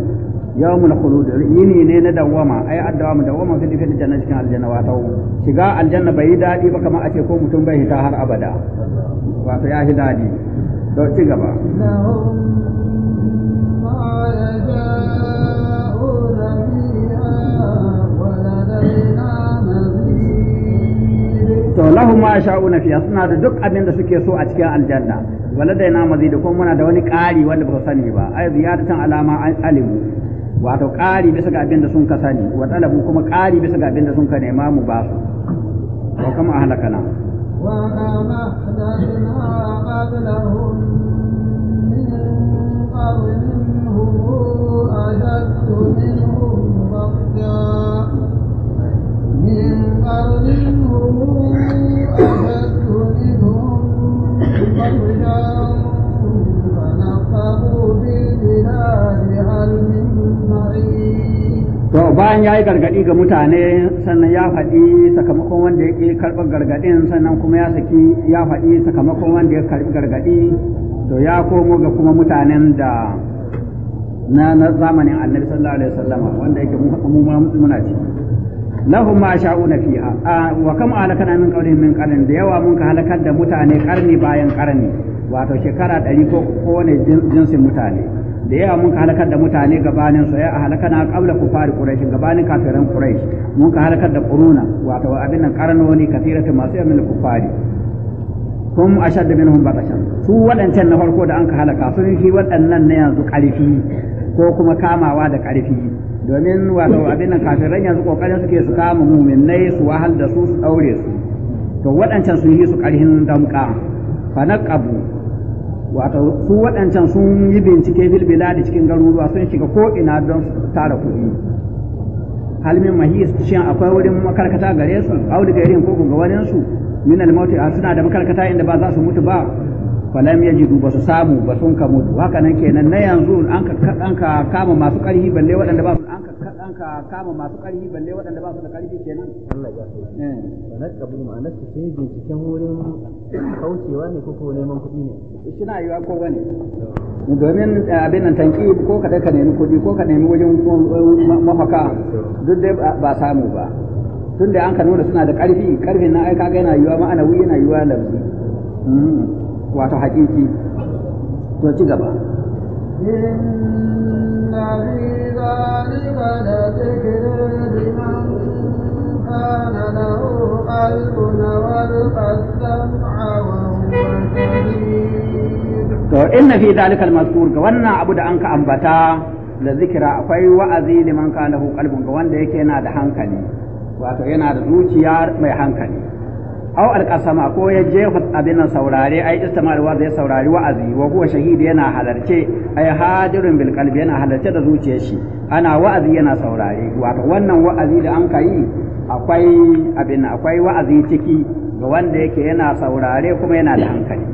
yawmul khulud yini ne na dawama ai addawamu dawama fil fil janna cikin aljanna wato shiga aljanna bai dadi ba kamar a ce ko mutum bai hita har abada wato ya hi dadi to gaba ma sha'una fiha suna da duk abin da suke so a cikin aljanna wala da ina mazidi kuma muna da wani ƙari wanda ba sani ba ai ziyadatan alama alimu wato ƙari bisa ga abin da sun ka sani wa talabu kuma ƙari bisa ga abin da sun ka nema mu ba su wa kama ahlakana wa kama ahlakana qablahum min qablihim hum ashaddu minhum To bayan ya yi gargaɗi ga mutane sannan ya faɗi sakamakon wanda ya ƙi karɓar gargaɗin sannan kuma ya saki ya faɗi sakamakon wanda ya karɓi gargaɗi to ya komo ga kuma mutanen da na zamanin annabi sallallahu alaihi wasallama wanda yake mu muna ciki lahum ma sha'una fiha wa kam alakana min qawlin min qarnin da yawa mun ka halakar da mutane karni bayan karni wato shekara ɗari ko kowane jinsin mutane da yawa mun ka halakar da mutane gabanin su ya halakana qabla kufari quraish gabanin kafiran quraish mun ka halakar da quruna wato abin nan karnoni kathiratu masu yamin kufari kum ashadda minhum batashan su waɗancan na farko da an ka halaka sun shi waɗannan na yanzu ƙarfi ko kuma kamawa da ƙarfi domin wato abin nan kafiran yanzu kokarin suke su kama muminai su wahal da su su daure su to waɗancan sun yi su ƙarhin damƙa fanaqabu wato su waɗancan sun yi bincike bilbila da cikin garuruwa sun shiga ko ina don su tara kuɗi halmin mahis shin akwai wurin makarkata gare su auduga irin ko ga su min al-mauti suna da makarkata inda ba za su mutu ba falam yajidu ba su samu ba sun ka mutu haka nan kenan na yanzu an ka an ka kama masu ƙarfi balle waɗanda ba su an ka an ka kama masu ƙarfi balle waɗanda ba su da ƙarfi kenan Allah ya so ne na kabu ma'anar su sai binciken wurin kaucewa ne ko ko neman kuɗi ne kina wa ko wani domin eh, abin nan tanki ko ka ka nemi kuɗi ko ka nemi wajen eh, mafaka duk dai ba samu ba tun da an ka nuna suna da ƙarfi ƙarfin na ai ga yana yiwa wuyi yana yiwa lafi hmm. wato haƙiƙi to ci gaba To inna fi zalika al-mazkur ga wannan abu da anka ambata da zikira akwai wa'azi liman kana lahu qalbun ga wanda yake yana da hankali wato yana da zuciya mai hankali Au alqasama ko ya jefa abin saurare ai istimal wa zai saurari wa'azi wa huwa shahidi yana halarce ai hadirun bil qalbi yana halarce da zuciyar shi ana wa'azi yana saurare wato wannan wa'azi da an kai akwai abin akwai wa'azi ciki ga wanda yake yana saurare kuma yana da hankali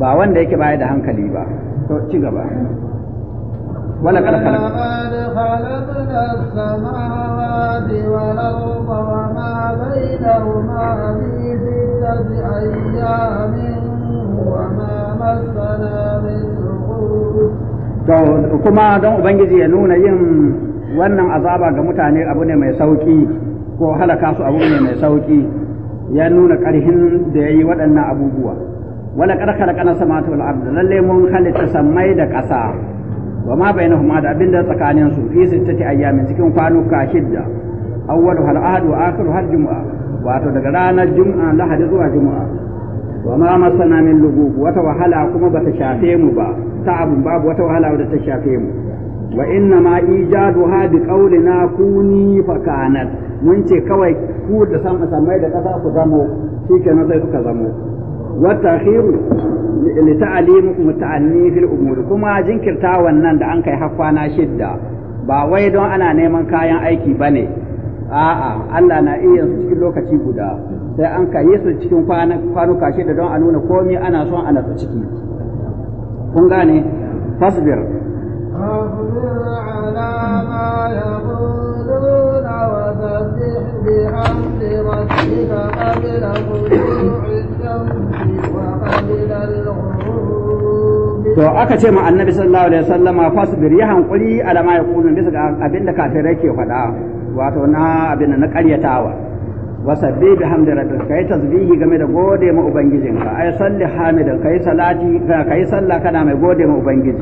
ba wanda yake baya da hankali ba to ci gaba ولا قد خلق as-samawati wal arda wa ma bainahuma fi sittati ayyamin min to kuma don ubangiji ya nuna yin wannan azaba ga mutane abu ne mai sauki ko halaka su abu ne mai sauki ya nuna ƙarhin da ya yi waɗannan abubuwa wala ƙarƙar ƙana sama ta lalle mun halitta sammai da ƙasa Bama ma bainahuma da abinda tsakanin su fi sittati ayyamin cikin kwanuka shidda awwalu hal ahadu wa akhiru hal jumu'a wato daga ranar jumu'a lahadi zuwa jumu'a wa ma masana min lugub wata wahala kuma bata shafe mu ba ta'abun babu wata wahala da ta shafe mu wa inna ma ijaduha bi qawlina kuni fakanat mun ce kawai ku da sama da kasa ku zamo shikenan sai suka zamo Wantahimu littafin mutane biyu a umar kuma jinkirta wannan da an kai haƙƙwana shidda ba wai don ana neman kayan aiki ba ne a'a Allah na iya yanzu cikin lokaci guda sai an kaiye su da cikin kwanu kashiyar da don a nuna komai ana son a naɗa ciki. fasbir to aka ce ma annabi sallallahu alaihi wasallama fasbir ya hankuri ala ma yaqulu bisa ga abinda kafirai ke faɗa wato na abinda na ƙaryatawa wasabbi bi hamdi rabbika kai tasbihi game da gode ma ubangijinka ay salli hamidan kai salati kai sallah kana mai gode ma ubangiji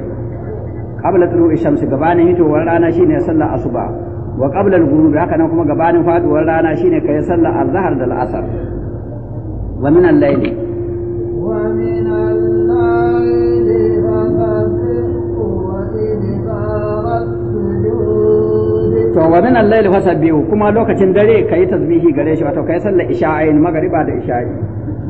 qabla tulu shamsi gabanin hitowar rana shine sallar asuba wa qabla al-ghurub haka nan kuma gabanin faduwar rana shine kai sallar azhar da al-asr wa min al-layli wa min al-layli wa min al kuma lokacin dare kayi tasbihi gare shi wato kai sallar isha'ain magriba da isha'i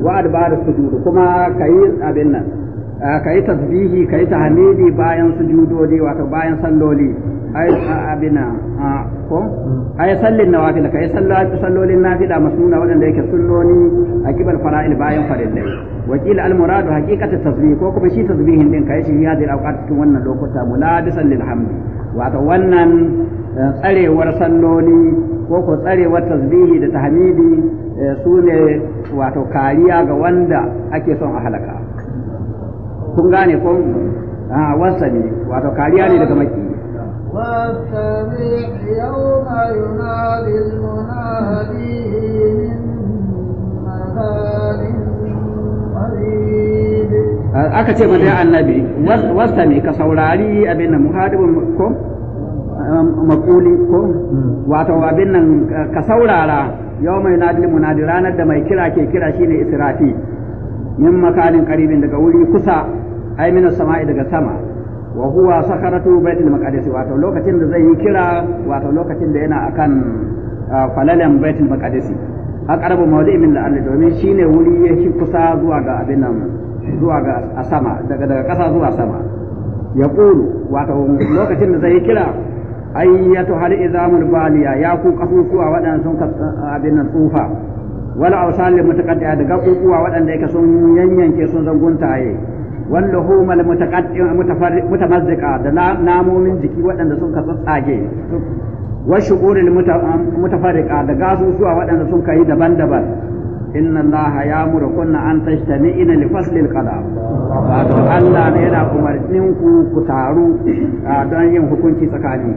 wa adbar sujud kuma kai tasbihi kai tahmidi bayan sujudodi wato bayan salloli ai abina ko hmm. ai sallin nawafil kai sallolin nafila masnuna wadanda yake sunnoni a kibal fara'il bayan farillai wakil al muradu haqiqatu tasbih ko kuma shi tasbihin din kai shi hadin awqat cikin wannan lokuta mulabisan lil wato wannan tsarewar salloli ko ko tsarewar tasbihi da tahmidi eh, su ne wato kariya ga wanda ake son a halaka kun gane ko a ah, wasani wato kariya ne daga maki aka ce ينادي المنادي من مكان قريب أكتب يا النبي واستمع ko. maquli ko hmm. wato abin nan ka saurara yau mai nadil munadi ranar da mai kira ke kira shine israfi min makalin qaribin daga wuri kusa ai min sama'i daga sama wa huwa sakaratu baitul maqdis wato lokacin da zai yi kira wato lokacin da yana akan falalan baitul maqdis aqrabu mawdi min al domin shine wuri yake kusa zuwa ga abin nan zuwa ga sama daga daga kasa zuwa sama ya wato lokacin da zai yi kira ayyatu hal izamul baliya ya ku kasusuwa wadan sun ka abin nan tsufa wala awsal lil mutaqaddiya da gabubuwa waɗanda yake sun yanyanke sun zanguntaye wal luhumal mutaqaddim mutamazzika da namomin jiki waɗanda sun ka tsage wa shu'uril mutafarriqa da gasusuwa waɗanda sun kai daban-daban inna allaha ya mura kunna an tajtami'ina li faslil qada wato Allah ne yana umarnin ku ku taru don yin hukunci tsakanin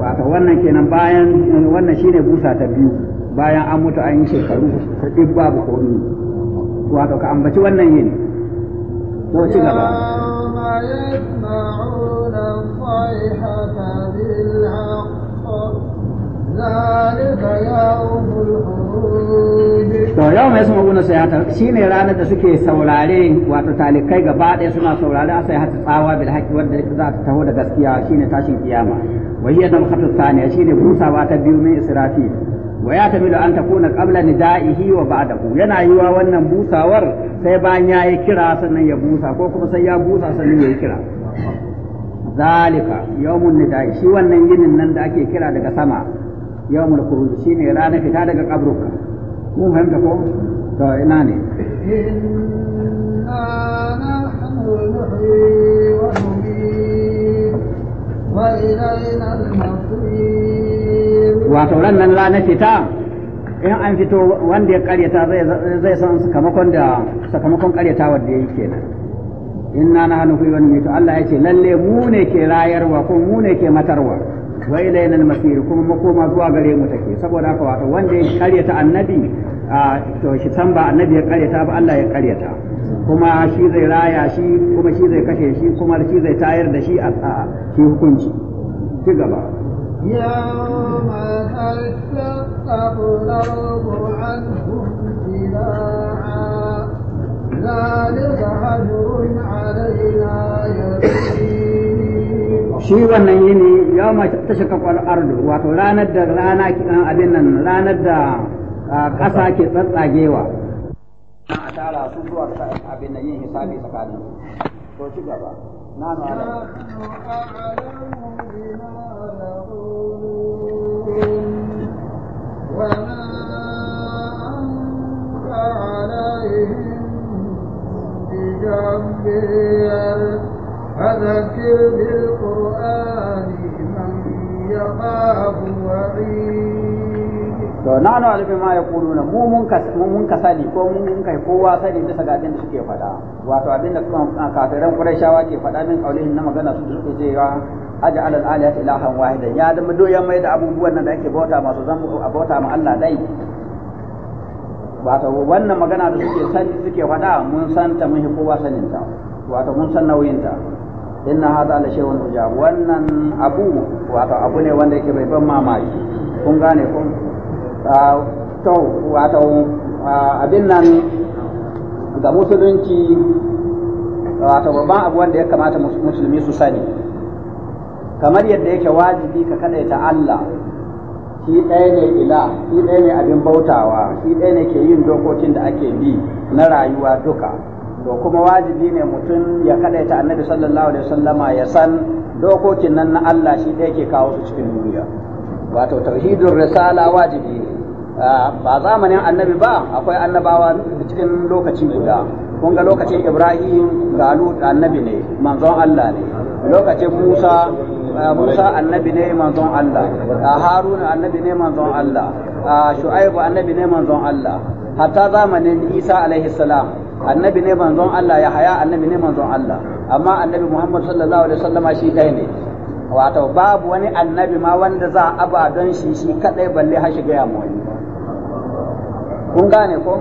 wato wannan kenan bayan wannan shine busa ta biyu bayan an mutu an yi shekaru ta duk babu komi wato ka ambaci wannan yin ko ci gaba يسمعون الصيحة بالحق to yau mai sama guna hatar shi ne ranar da suke saurare wato talikai gaba ɗaya suna saurare a sai hatar tsawa bil haƙi wanda za ta taho da gaskiya shi ne tashin kiyama wai hiya dam khatu thaniya shi ne busawa ta biyu min israfi Wai ya tamilu an takuna ni nida'ihi wa ku yana yiwa wannan busawar sai bayan yayi kira sannan ya busa ko kuma sai ya busa sannan yi kira zalika ni nida'i shi wannan yinin nan da ake kira daga sama yawmul shi ne ranar fita daga kabruka mun fahimta ko to ina ne wato nan ranar fita in an fito wanda ya karyata zai san sakamakon da sakamakon karyata wanda ya yi kenan In na na hannu fi wani mito Allah ya ce lalle mu ne ke rayarwa ko mu ne ke matarwa wa ilayna al-masir kuma makoma zuwa gare mu take saboda haka wato wanda ya karyata annabi to shi san ba annabi ya karyata ba Allah ya karyata kuma shi zai raya shi kuma shi zai kashe shi kuma shi zai tayar da shi a shi hukunci ci gaba يوم تشقق الأرض عنهم ذراعا ذلك أجر عليهم shi wannan yini yau ma ta shaka ardu wato ranar da rana abin nan ranar da ƙasa ke tsatsagewa a tara sun zuwa abin nan yin hisabi tsakanin to ci gaba na وما أنت عليهم بجبير فذكر بالقرآن من يخاف وعيد to na nawa alifin ma ya kulu na mu mun ka mun ka sani ko mun mun kai kowa sani bisa ga abin da suke faɗa wato abin da kuma ah, kafiran qurayshawa ke faɗa min kaulihin na magana su suke cewa aja alal aliyat ilahan wahidan ya da doyan mai da abubuwan nan da ake bauta masu a bauta ma Allah dai wato wannan magana da suke sani suke faɗa mun san ta mun kowa sanin ta wato mun san nauyin ta. inna hada la shay'un ujab wannan abu wato abu ne wanda yake bai ban mamaki kun gane kun ah, to wato ah, abin nan ga musulunci wato babban abu wanda ya kamata musulmi su sani kamar yadda yake wajibi ka kadaita Allah shi ɗaya ne ila shi ɗaya ne abin bautawa shi ɗaya ne ke yin dokokin da ake bi na rayuwa duka to kuma wajibi ne mutum ya kadaita annabi sallallahu alaihi wasallama ya san dokokin nan na Allah shi ɗaya ke kawo su cikin duniya wato tauhidin risala wajibi ne ah, ba zamanin annabi ba akwai annabawa cikin lokaci guda kun ga lokacin ibrahim ga annabi ne manzon Allah ne lokacin musa ah, Musa annabi ne manzon Allah, ah, Haruna annabi ne manzon Allah, Shu'aibu annabi ne manzon Allah, hatta zamanin Isa alaihi salam annabi ne manzon Allah ya haya annabi ne manzon Allah amma annabi Muhammad sallallahu alaihi wasallam shi kai ne wato babu wani annabi ma wanda za a aba don shi shi kadai balle har shiga ya mu kun gane ko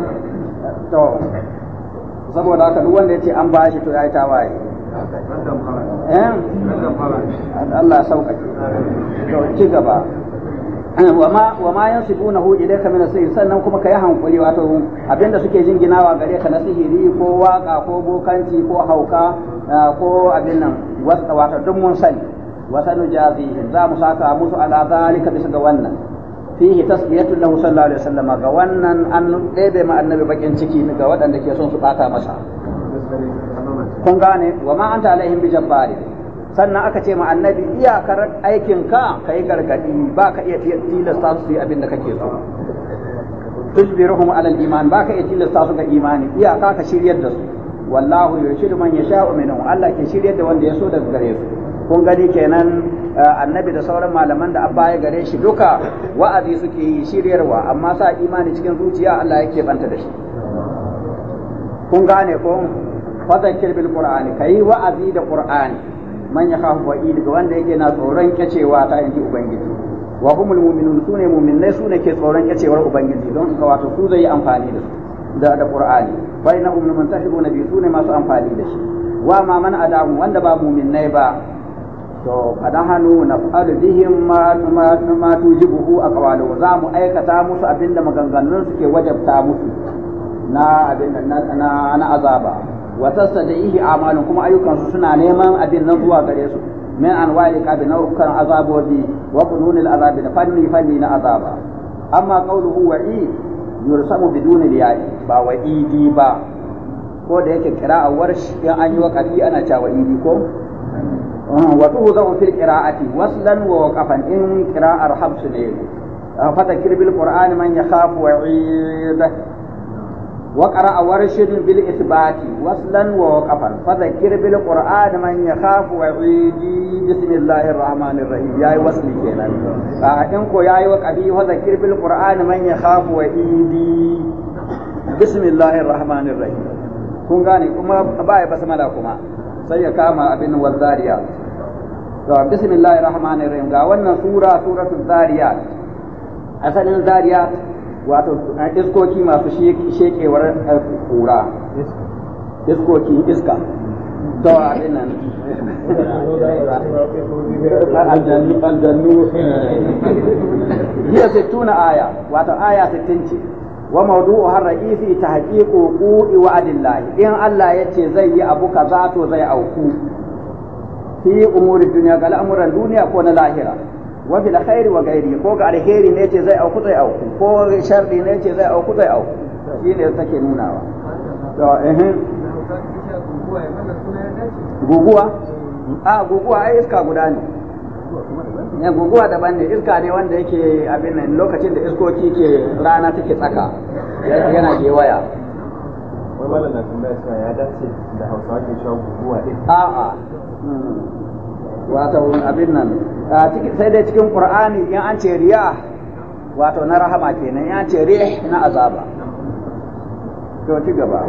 to saboda haka duk wanda yace an bashi to yayi tawaye eh Allah sauƙaƙe to ci gaba Eh, wama wama yansibunahu ilayka min asihir sannan kuma kai hankuri wato abinda suke jinginawa gare ka na sihiri ko waka ko bokanci ko hauka eh, ko abin nan wato duk mun sani wa sanujazihim za mu saka musu ala zalika bisa ga wannan fihi tasbiyatu lahu sallallahu alaihi wasallam ga wannan an ɗebe ma annabi bakin ciki ga waɗanda ke son su bata masa kun gane wa ma anta alaihim bi jabbari sannan aka ce ma annabi iyakar aikin ka kai gargadi ba ka iya tilasta su yi abin da kake so tusbiruhum alal iman ba ka iya tilasta su ga imani iyaka ka shiryar da su wallahu yurshidu man yasha'u minhum Allah ke shiryar da wanda ya so daga gare su kun gani kenan eh, annabi da sauran malaman da abba ya gare shi duka wa'azi suke yi shiryarwa amma sa imani cikin zuciya Allah yake banta da shi kun gane ko fadakir bil qur'ani kai wa'azi da qur'ani man yakhafu wa'id ga wanda yake na tsoron kyacewa ta inji ubangiji wa humul mu'minun sune mu'minai sune ke tsoron kyacewar ubangiji don ka wato su zai yi amfani da su da da qur'ani fa inna hum muntasibuna bi sune masu amfani da shi wa ma man adamu wanda ba mu'minai ba to fadahanu naf'alu bihim ma ma ma tujibuhu aqwalu za mu aikata musu abinda maganganun suke wajabta musu na abin na na azaba wa tasadaihi amalun kuma ayyukansu suna neman abin nan zuwa gare su min anwa'il qabi naukan azabobi wa qulunil azabi da fanni fanni na azaba amma qawluhu wa'i yursamu biduni liya'i ba wa'idi ba ko da yake qira'a warsh in an yi waqafi ana cewa wa'idi ko wa tuhzau fil qira'ati waslan wa waqafan in qira'ar habs ne fatakir bil qur'ani man yakhafu wa'id وقرأ ورشد بالإثبات وصلا ووقفا فذكر بالقرآن من يخاف وعيد بسم الله الرحمن الرحيم يا وصلي كينا فإنكو يا وقفي وذكر بالقرآن من يخاف وعيد بسم الله الرحمن الرحيم kun gane kuma baya basmala kuma sai ya kama abin wazzariya to bismillahir rahmanir rahim ga wannan sura suratul zariyat asalin zariyat wato eh, iskoki masu shekewar eh, kura iskoki iska to abin nan [LAUGHS] aljannu hiya sittuna aya wato aya sittin ce wa mawdu'u har ra'isi tahqiqu qudi wa adillahi in Allah ya ce zai yi abu kaza to zai auku fi umuri duniya ga al'amuran duniya ko na lahira wa bil khairi wa ghairi ko ga alheri ne ce zai auku zai auku ko sharri ne ce zai auku zai auku shine take nunawa to eh guguwa a guguwa ai iska guda ne ne eh, guguwa daban ne iska ne wanda yake abin nan lokacin da iskoki ke rana take tsaka yana waya. wai malam da ya dace da hausawa ke cewa guguwa din a wato abin nan sai dai cikin qur'ani in an ce riya wato na rahama kenan in an ce riya na azaba to ci gaba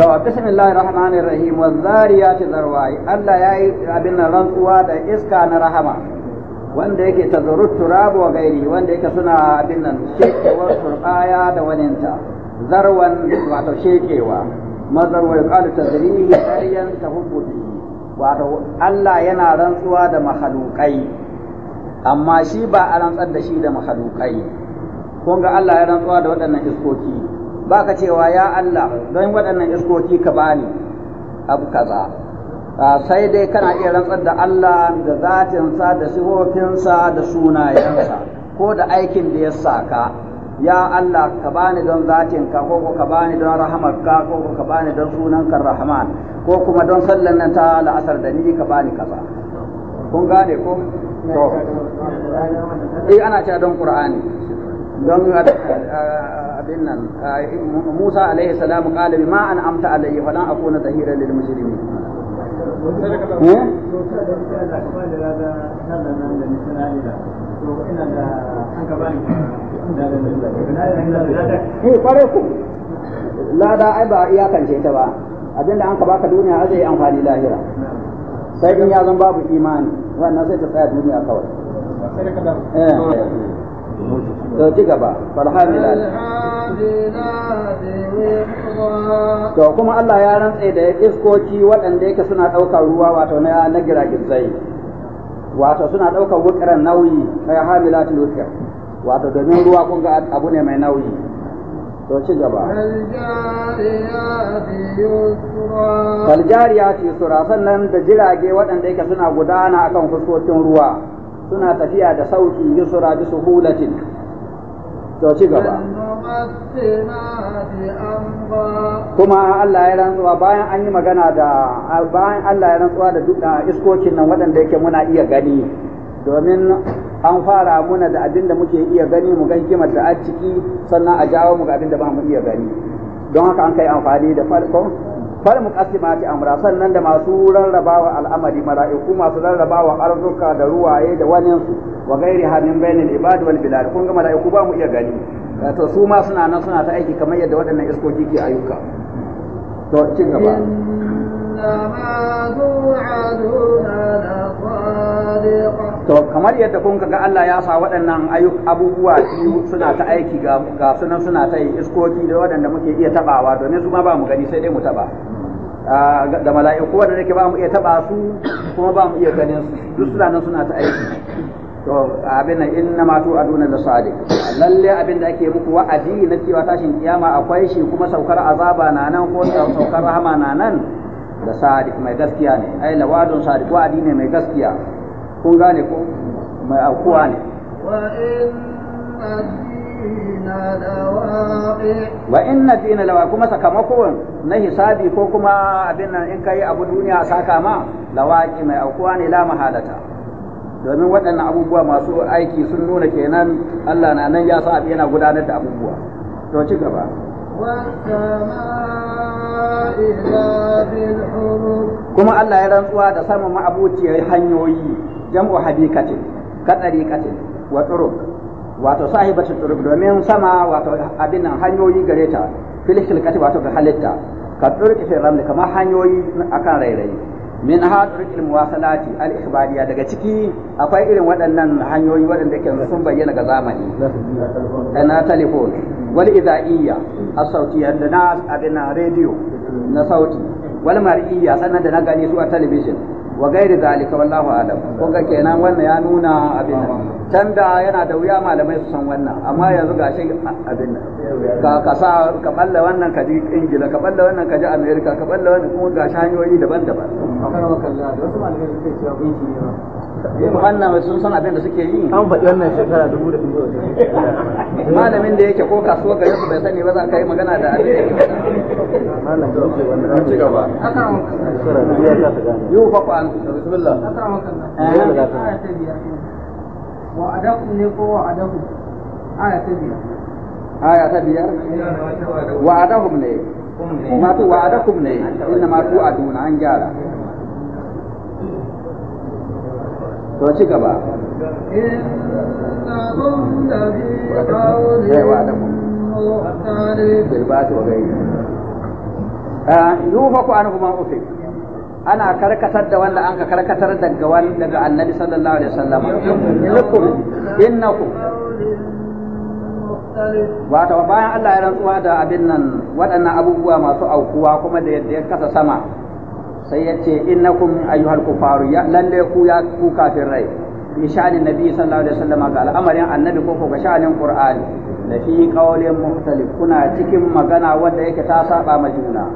To bismillahir rahmanir rahim wa zariyati zarwa Allah yayi abin nan rantsuwa da iska na rahama wanda yake tazurut turab wa gairi wanda yake suna abin nan shekewar turbaya da waninta zarwan wato shekewa mazar wa yuqalu tazrihi sariyan tahubbu wato Allah yana rantsuwa da mahalukai amma shi ba a rantsar da shi da mahalukai kun ga Allah ya rantsuwa da waɗannan iskoki baka cewa ya Allah don waɗannan iskoki ka bani abu kaza sai dai kana iya rantsar da Allah da zatinsa da sifofinsa da sunayensa ko da aikin da ya saka ya Allah ka bani don zatinka ko ko ka bani don rahamarka ko ko ka bani don sunanka rahman ko kuma don sallan nan ta la'asar da ni ka bani kaza kun gane ko to eh ana cewa don qur'ani don eh, abin nan eh, Musa alaihi salam qala bima an amta alayhi falan akuna zahiran lil mujrimin Eh, eh kwarai ku lada ai ba ta ba abinda an ka baka duniya a zai amfani lahira sai in ya zan babu imani wannan sai ta tsaya duniya kawai to ci gaba falhamila to kuma Allah ya rantse da ya iskoki waɗanda yake suna ɗaukar ruwa wato na na giragizai wato suna ɗaukar wukaran nauyi na lati wukar wato domin ruwa kun ga abu ne mai nauyi to ci gaba faljariyati yusra sannan da jirage waɗanda yake suna gudana akan fuskokin ruwa suna tafiya da sauki yusura bi suhulatin to ci gaba kuma Allah ya rantsuwa bayan an yi magana da bayan Allah ya rantsuwa da duk iskokin nan waɗanda yake muna iya gani domin an fara muna da abin da muke iya gani mu gan hikimar da a ciki sannan a jawo mu ga abin da ba mu iya gani don haka an kai amfani da farko fal muqassimati amra sannan da masu rarrabawa al'amari mala'iku masu rarrabawa arzuka da ruwaye da wani su wa gairi hamin bainal ibad wal bilal kun ga mala'iku ba mu iya gani to su ma suna nan suna ta aiki kamar yadda waɗannan iskoki ke ayyuka to cin gaba To kamar yadda kun ga Allah ya sa waɗannan abubuwa biyu suna ta aiki ga sunan suna ta yi iskoki da waɗanda muke iya tabawa domin su ma ba mu gani sai dai mu taba. Da mala'iku waɗanda ke ba mu iya taba su kuma ba mu iya ganin su duk suna nan suna ta aiki. To abin nan inna ma tu aduna da sadiq. Lalle abin da ake muku wa'adi na cewa tashin kiyama akwai shi kuma saukar azaba na nan ko saukar rahama na nan da sadiq mai gaskiya ne ai lawadun sadiq wa'adi ne mai gaskiya kun gane ko mai aukuwa ne wa inna dina lawa kuma sakamakon na hisabi ko kuma abin nan in kai abu duniya saka ma lawaki mai aukuwa ne la mahalata domin waɗannan abubuwa masu aiki sun nuna kenan Allah na nan ya sa yana gudanar da abubuwa to ci gaba kuma Allah ya rantsuwa da sama ma'abuciyar hanyoyi jam'u habikatin katsarikatin wa turuk wato sahibatu turuk domin sama wato abin nan hanyoyi gare ta fil khilqati wato ga halitta ka turki fil ramli kamar hanyoyi akan rairayi min ha turkil muwasalati al ikhbariya daga ciki akwai irin waɗannan hanyoyi waɗanda ke sun bayyana ga zamani na telefon wal idaiya asauti yadda na abin na radio na sauti wal mar'iyya sannan da na gani su a television wa gairi zalika wallahu alam ko ga kenan wannan ya nuna abin can da yana da wuya malamai su san wannan amma yanzu gashi abin ka ka sa ka balla wannan ka ji ingila ka balla wannan ka ji america ka balla wannan kuma gashi hanyoyi daban-daban da wasu malamai suke cewa gunki ne ba muhanna sun san abin da suke yi an faɗi wannan shekara dubu da dubu malamin da yake ko kasuwa gare su bai sani ba za ka yi magana da abin da yake faɗa ci gaba yau fa ku bismillah wa adaku ne ko wa adaku aya ta biyar aya ta biyar wa adahum ne ma wa adakum ne inna Matu aduna an gyara to ci gaba eh, yufaku ana karkatar da wanda an ka karkatar daga wani daga annabi sallallahu alaihi wasallam innakum innakum wato bayan Allah ya rantsuwa da abin nan waɗannan abubuwa masu aukuwa kuma da yadda ya kasa sama sai ya ce innakum ayyuhal kufaru ya lalle ku ya ku kafin rai bi sha'anin nabi sallallahu alaihi wasallam ga al'amarin annabi ko ga sha'anin qur'ani da fi qawlin muhtalif kuna cikin magana wanda yake ta saba ma juna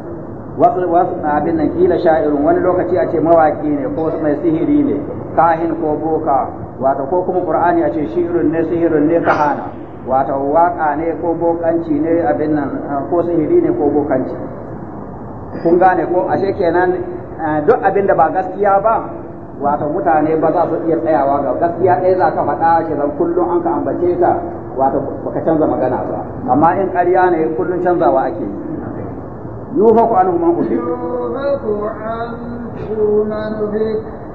wasu abin nan kila sha'irun wani lokaci a ce mawaki ne ko mai sihiri ne kahin ko boka wato ko kuma qur'ani a ce shi'irun ne sihirun ne kahana wato waka ne ko bokanci ne abin nan ko sihiri ne ko bokanci kun gane ko ashe kenan Eh, duk abin da ba gaskiya ba wato mutane ba za su iya tsayawa ga gaskiya ɗaya za ka faɗa shi zan kullum an ka ambace ta wato baka canza magana ba amma in ƙarya ne kullum canzawa ake yi yufaku anhu man ufik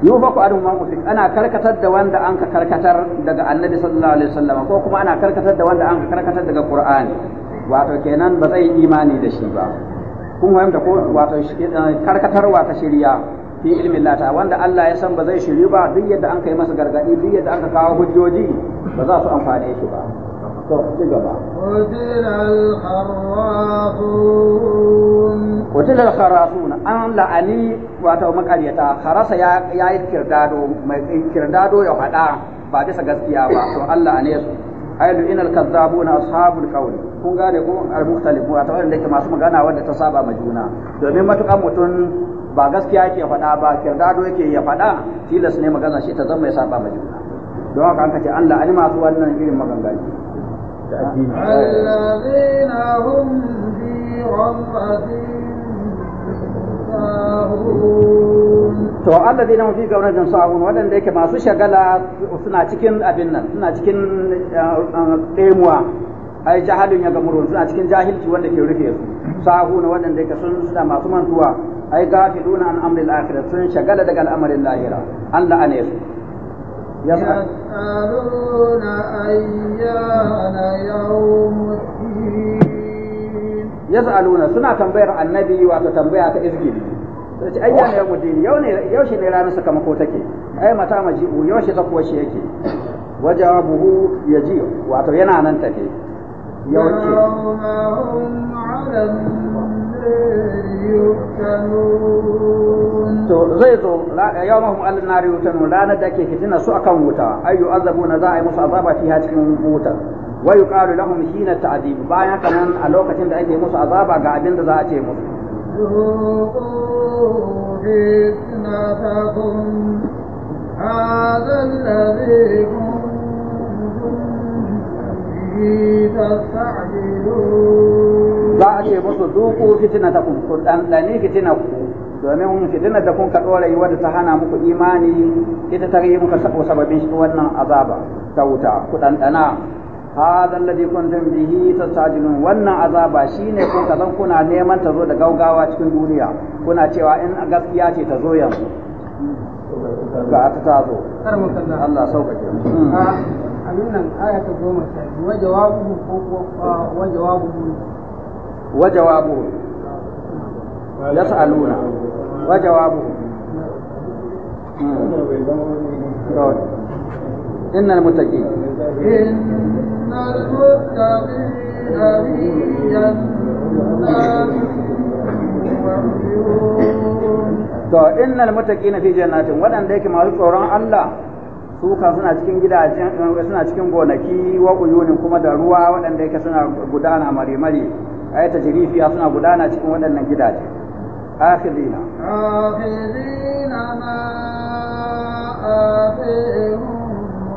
yufaku anhu man ufik ana karkatar da wanda an ka karkatar daga annabi sallallahu alaihi wasallam ko kuma ana karkatar da wanda an ka karkatar daga qur'ani wato kenan ba zai imani da shi ba kun fahimta ko wato eh, karkatarwa ta shirya fi ilmin lata wanda Allah ya san ba zai shiryu ba duk yadda an kai masa gargadi duk yadda an kawo hujjoji ba za su amfane shi ba to ci gaba Kutil al an la'ani wato makaryata kharasa ya yi kirdado mai kirdado ya faɗa ba bisa gaskiya ba to Allah ne su ailu inal kazzabuna ashabul qawli. kun gane ko al-mukhtalifu a tawarin da ke masu magana wanda ta saba ma juna domin matukan mutum ba gaskiya yake faɗa ba kirdado yake ya faɗa tilas ne magana shi ta zama ya saba ma juna don haka an kace Allah ani masu wannan irin maganganu da addini alladhina hum fi to alladhina hum fi gawnatin sahun wadanda yake masu shagala suna cikin abin nan suna cikin eh, eh, ɗemuwa ai jahalun ya gamuru suna cikin jahilci wanda ke rufe su sahu na waɗanda ka sun suna masu mantuwa ai gafiluna an amri akhirah sun shagala daga al'amarin lahira Allah ane su Ya أيان يوم الدين يسألون سنة تنبير tambaya ta تإذكير sai ayyana yau ne yau ne yaushe ne ranar sakamako take ai mata maji'u yaushe ta kuwa shi yake wajawabuhu yaji wato yana nan take يوم على to zai zo yawmahum alal nar yutanu ranar da ake fitina su akan wuta ay yu'azzabuna za a yi musu azaba fiha cikin wutar wa yuqalu lahum hina ta'dib bayan kanan nan a lokacin da ake musu azaba ga abin da za a ce musu fitnatakum hadha alladhi za a ce musu duku fitina ta kun dani fitina ku domin fitina da kun ka ɗora yi wadda ta hana muku imani ita ta yi muka sabo sababin wannan azaba ta wuta ku ɗanɗana hada alladhi kuntum bihi tastajilun wannan azaba shine kun ka zan kuna neman tazo da gaugawa cikin duniya kuna cewa in gaskiya ce ta zo yanzu ga ta zo Allah abin nan aya ta goma sha biyu wa jawabuhu ko wa jawabuhu wa jawabuhu yas'aluna wa jawabuhu إن المتقين إن المتقين في جنات إن المتقين في جنات ولن ديك ما الله suka suna cikin gidaje, suna cikin gonaki wa uyunin kuma da ruwa waɗanda yake suna gudana mare-mare ai jirifiya suna gudana cikin waɗannan gidaje akhirina akhirina ma atihum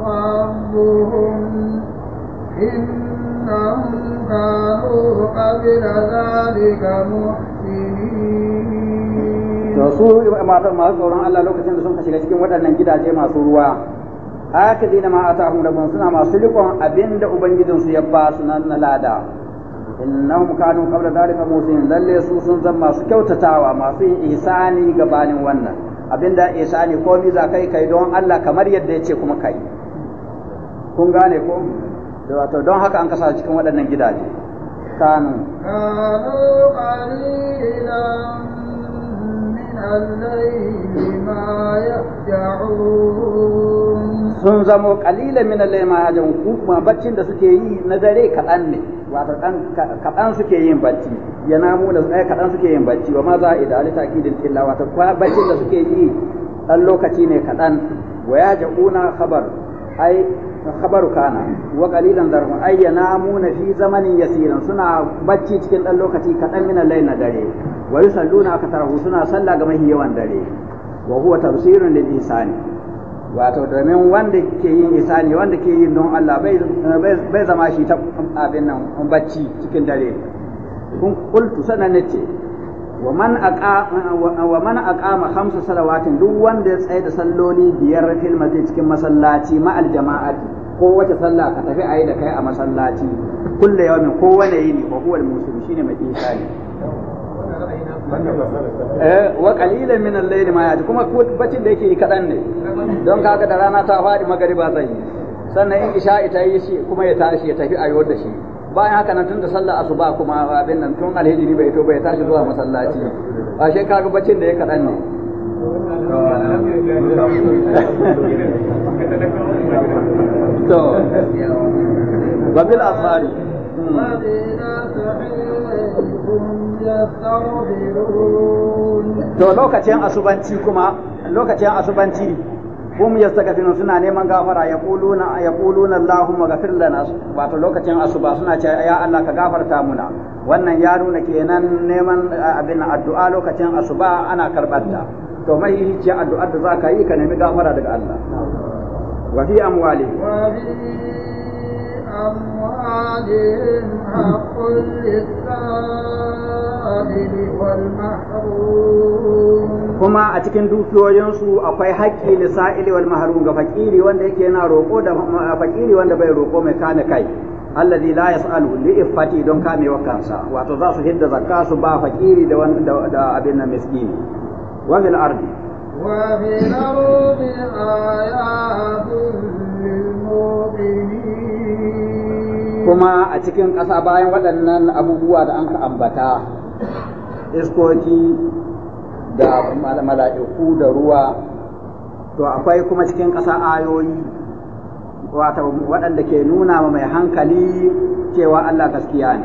rabbuhum innahum kanu qabla dhalika muhsinin to su masu Allah lokacin da sun kashe cikin waɗannan gidaje masu ruwa akidina ma atahum rabbun suna masu rikon abinda ubangijin su ya ba su nan na lada innahum kanu qabla dhalika musin lalle su sun zan masu kyautatawa masu yin ihsani gabanin wannan abinda ihsani komai za kai kai don Allah kamar yadda yace kuma kai kun gane ko wato don haka an kasa cikin waɗannan gidaje kanu kanu qalilan min al ma yahja'un sun zamo kalilan min al-layma hajjan kuma baccin da suke yi na dare kaɗan ne wato kaɗan suke yin bacci ya namu da tsaye eh, kaɗan suke yin bacci wa ma za a ida ali takidin illa wato baccin da suke yi ɗan lokaci ne kaɗan wa ya ja'una khabar ai khabaru kana wa qalilan darhum ay yanamuna fi zamanin yasiran suna bacci cikin dan lokaci kaɗan min al-layl na dare wa yusalluna aktharahu suna sallah ga mahi yawan dare wa huwa tafsirun lil insani wato domin wanda ke yin isani wanda ke yin don Allah bai zama shi ta abin nan bacci cikin dare kun kultu sanan ce wa man aqama khamsa salawatin duk wanda ya tsaya da salloli biyar fil cikin masallaci ma al jama'ati ko wace sallah ka tafi ayi da kai a masallaci kullu yawmin ko wani yini ko huwa al shine mai isani eh wa qalilan min al-layl ma yaji kuma bacin da yake yi kadan ne don kaga da rana ta fadi magariba zai yi sannan in isha ita yi shi kuma ya tashi ya tafi ayyuwar da shi bayan haka nan tunda sallar asuba kuma abin nan tun alhijiri bai to bai tashi zuwa masallaci ba shi kaga bacin da ya kadan ne to babil asari hmm. to lokacin asubanci kuma lokacin asubanci hum yastaghfirun suna neman gafara ya ya yaquluna allahumma ghafir lana wato lokacin asuba suna cewa ya Allah ka gafarta muna wannan ya nuna kenan neman eh, abin addu'a lokacin asuba ana karbar to mai ce addu'ar da ka yi ka nemi gafara daga Allah wa fi amwali أموالهم حق للسائل والمحروم kuma a cikin dukiyoyinsu akwai haƙƙi lisa'ili wal mahrum ga fakiri wanda yake yana roƙo da fakiri wanda bai roƙo mai kame kai allazi la yas'alu li iffati don kame wa kansa wato za su hidda zakka su ba fakiri da da abin nan miskini wa fil ardi wa fil ardi ayatun kuma a cikin ƙasa bayan waɗannan abubuwa da an ka ambata iskoki da mala'iku da ruwa to akwai kuma cikin ƙasa ayoyi wata waɗanda ke nuna ma mai hankali cewa Allah gaskiya ne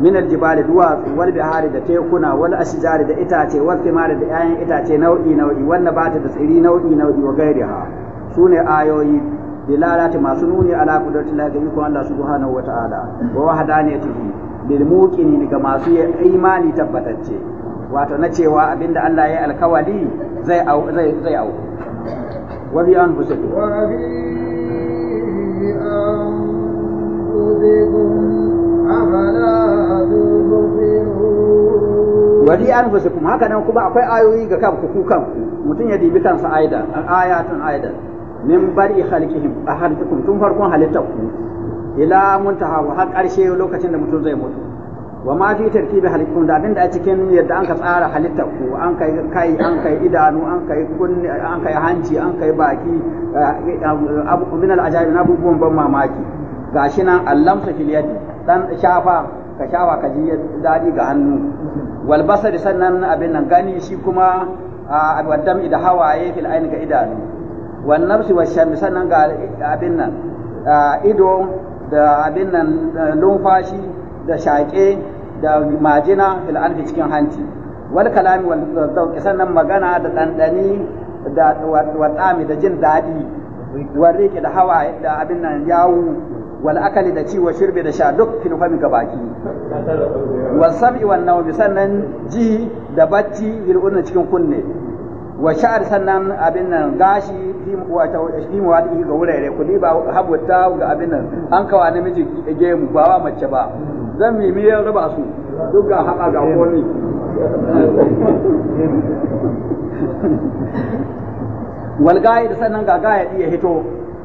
min aljibali duwatsu wal bihari da tekuna wal ashjari da itace wal thimari da 'ya'yan itace nau'i nau'i wanda bata da tsiri nau'i nau'i wa gairiha sune ayoyi dilalati masu nuni ala qudratin la ga ikon Allah subhanahu wa ta'ala wa wahdaniyatihi lil muqinin ga masu imani tabbatacce wato na cewa abinda Allah ya alkawali zai au zai zai au wa bi an fusikum wa bi an fusikum kuma haka nan kuma akwai ayoyi ga kanku ku kanku mutum ya dibi kansa aidan ayatun Aida. min bari khalqihim a tun farkon halittar ku ila muntaha wa har karshe lokacin da mutum zai mutu wa ma fi tartibi halittum da abinda a cikin yadda an ka tsara halittar ku an kai kai an kai idanu an kai kunni an kai hanci an kai baki min al ajabi na abubuwan ban mamaki gashi nan allamsa fil yadi dan shafa ka shafa ka ji dadi ga hannu wal basari sannan abin nan gani shi kuma a wadam ida hawaye fil ga idanu wan nafsi wa shami sannan ga abin nan ido da abin nan lumfashi da shaƙe da majina fil cikin hanci wal kalami wal zawqi sannan magana da dandani da watami da jin daɗi wal riqi da hawa da abin nan yawo wal akali da ciwo shirbe da sha duk fil fami ga baki wal sab'i wan nawmi sannan ji da bacci fil cikin kunne wa sha'ar sannan abin nan gashi mu wadi ga wurare kudi ba habuta ga abin nan an kawa namiji mu ba wa mace ba zan mi ya raba su duk ga haka ga komi wal da sannan ga gaya ya hito